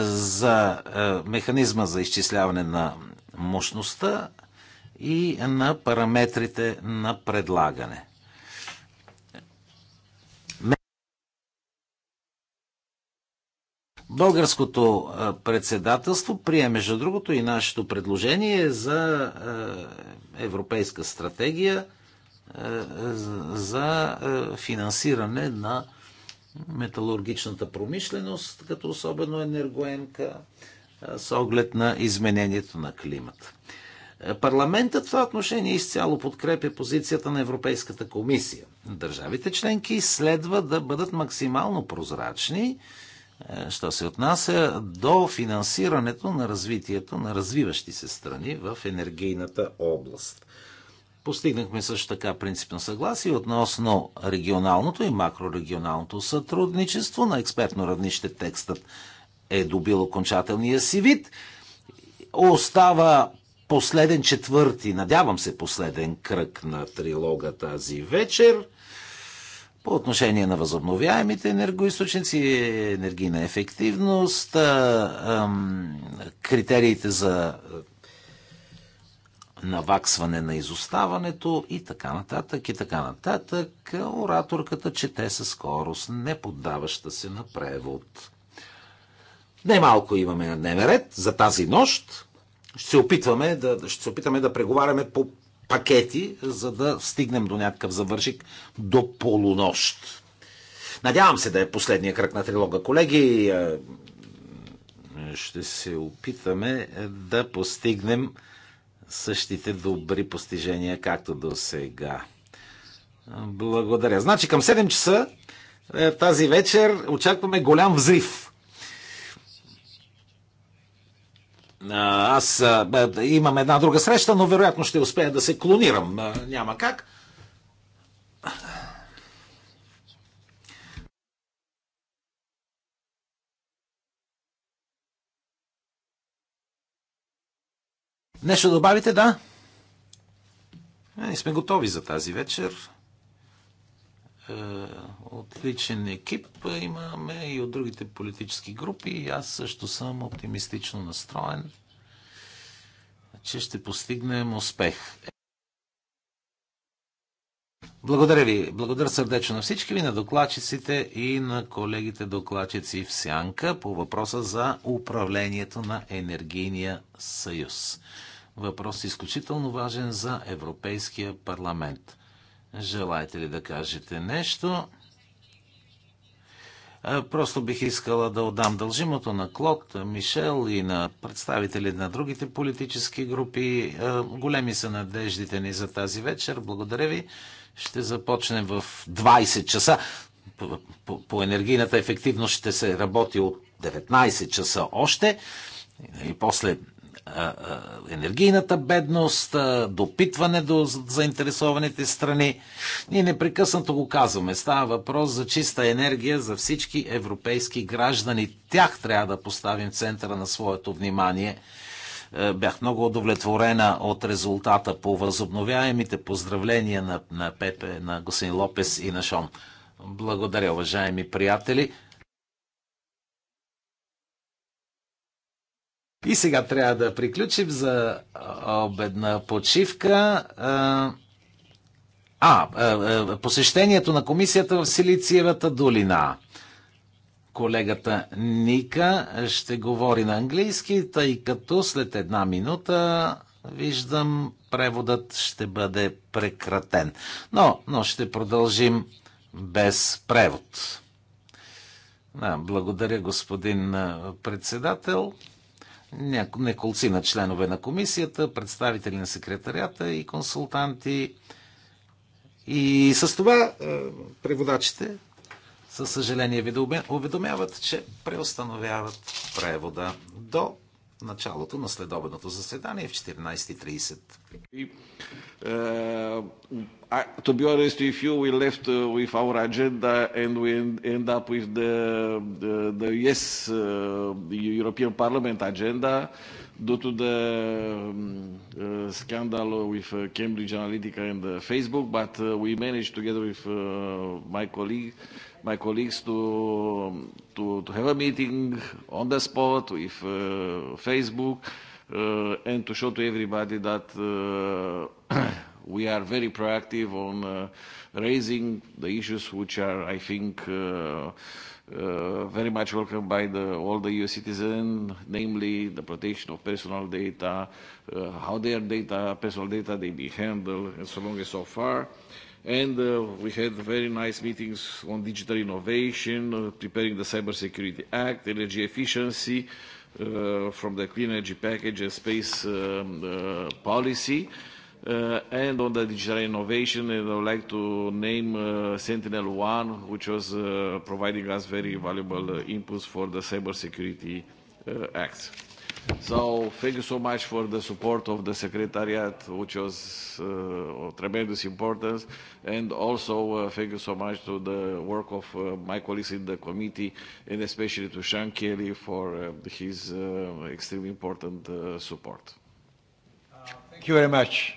за механизма за изчисляване на мощността и на параметрите на предлагане. Българското председателство прие, между другото, и нашето предложение за европейска стратегия за финансиране на металургичната промишленост, като особено енергоемка, с оглед на изменението на климата. Парламентът в това отношение изцяло подкрепя позицията на Европейската комисия. Държавите членки следва да бъдат максимално прозрачни, е, що се отнася до финансирането на развитието на развиващи се страни в енергийната област. Постигнахме също така принципно съгласие относно регионалното и макрорегионалното сътрудничество. На експертно равнище текстът е добил окончателния си вид. Остава последен четвърти, надявам се последен кръг на трилога тази вечер. По отношение на възобновяемите енергоисточници, енергийна ефективност, критериите за наваксване на изоставането и така нататък, и така нататък. Ораторката чете със скорост, не поддаваща се на превод. Немалко имаме на дневен ред за тази нощ ще се опитваме да, ще се опитаме да преговаряме по пакети, за да стигнем до някакъв завършик до полунощ. Надявам се да е последния кръг на трилога, колеги. Е, ще се опитаме да постигнем същите добри постижения, както до сега. Благодаря. Значи към 7 часа е, тази вечер очакваме голям взрив. Аз имам една друга среща, но вероятно ще успея да се клонирам. Няма как. Нещо добавите, да? Ние сме готови за тази вечер. Е, отличен екип имаме и от другите политически групи. Аз също съм оптимистично настроен, че ще постигнем успех. Благодаря ви. Благодаря сърдечно на всички ви, на докладчиците и на колегите докладчици в Сянка по въпроса за управлението на енергийния съюз. Въпрос изключително важен за Европейския парламент. Желаете ли да кажете нещо? Просто бих искала да отдам дължимото на Клод, Мишел и на представители на другите политически групи. Големи са надеждите ни за тази вечер. Благодаря ви. Ще започнем в 20 часа. По, по енергийната ефективност ще се работи от 19 часа още и после енергийната бедност, допитване до заинтересованите страни. Ние непрекъснато го казваме. Става въпрос за чиста енергия за всички европейски граждани. Тях трябва да поставим центъра на своето внимание. Е, бях много удовлетворена от резултата по възобновяемите поздравления на, на Пепе, на господин Лопес и на Шон. Благодаря, уважаеми приятели. И сега трябва да приключим за обедна почивка. А, посещението на комисията в Силициевата долина. Колегата Ника ще говори на английски, тъй като след една минута виждам преводът ще бъде прекратен. Но, но ще продължим без превод. благодаря, господин председател неколци на членове на комисията, представители на секретарията и консултанти. И с това е, преводачите, със съжаление, ви уведомяват, че преустановяват превода до началото на следобедното заседание в 14.30. To be honest with you, we left with our agenda and we end up with the, the, the yes, the European Parliament agenda. Uh, due to the uh, scandal with uh, Cambridge Analytica and uh, Facebook, but uh, we managed together with uh, my colleague, my colleagues to, um to to have a meeting on the spot with uh, Facebook uh, and to show to everybody that uh, we are very proactive on uh, raising the issues which are, I think. Uh, uh, very much welcomed by the, all the EU citizens, namely the protection of personal data, uh, how their data, personal data, they be handled, and so long and so far. And uh, we had very nice meetings on digital innovation, uh, preparing the Cybersecurity Act, energy efficiency uh, from the clean energy package and space um, uh, policy. Uh, and on the digital innovation, and I would like to name uh, sentinel One which was uh, providing us very valuable uh, inputs for the cybersecurity uh, acts. So thank you so much for the support of the Secretariat, which was uh, of tremendous importance, and also uh, thank you so much to the work of uh, my colleagues in the committee, and especially to Sean Kelly for uh, his uh, extremely important uh, support. Uh, thank you very much.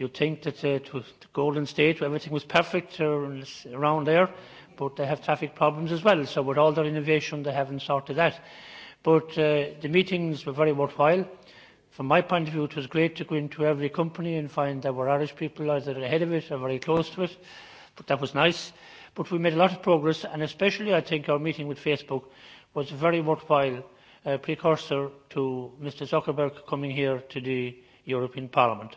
You'd think that uh, it was the Golden State, everything was perfect around there, but they have traffic problems as well. So with all their innovation, they haven't sorted that. But uh, the meetings were very worthwhile. From my point of view, it was great to go into every company and find there were Irish people either ahead of it or very close to it. But that was nice. But we made a lot of progress, and especially I think our meeting with Facebook was a very worthwhile uh, precursor to Mr. Zuckerberg coming here to the European Parliament.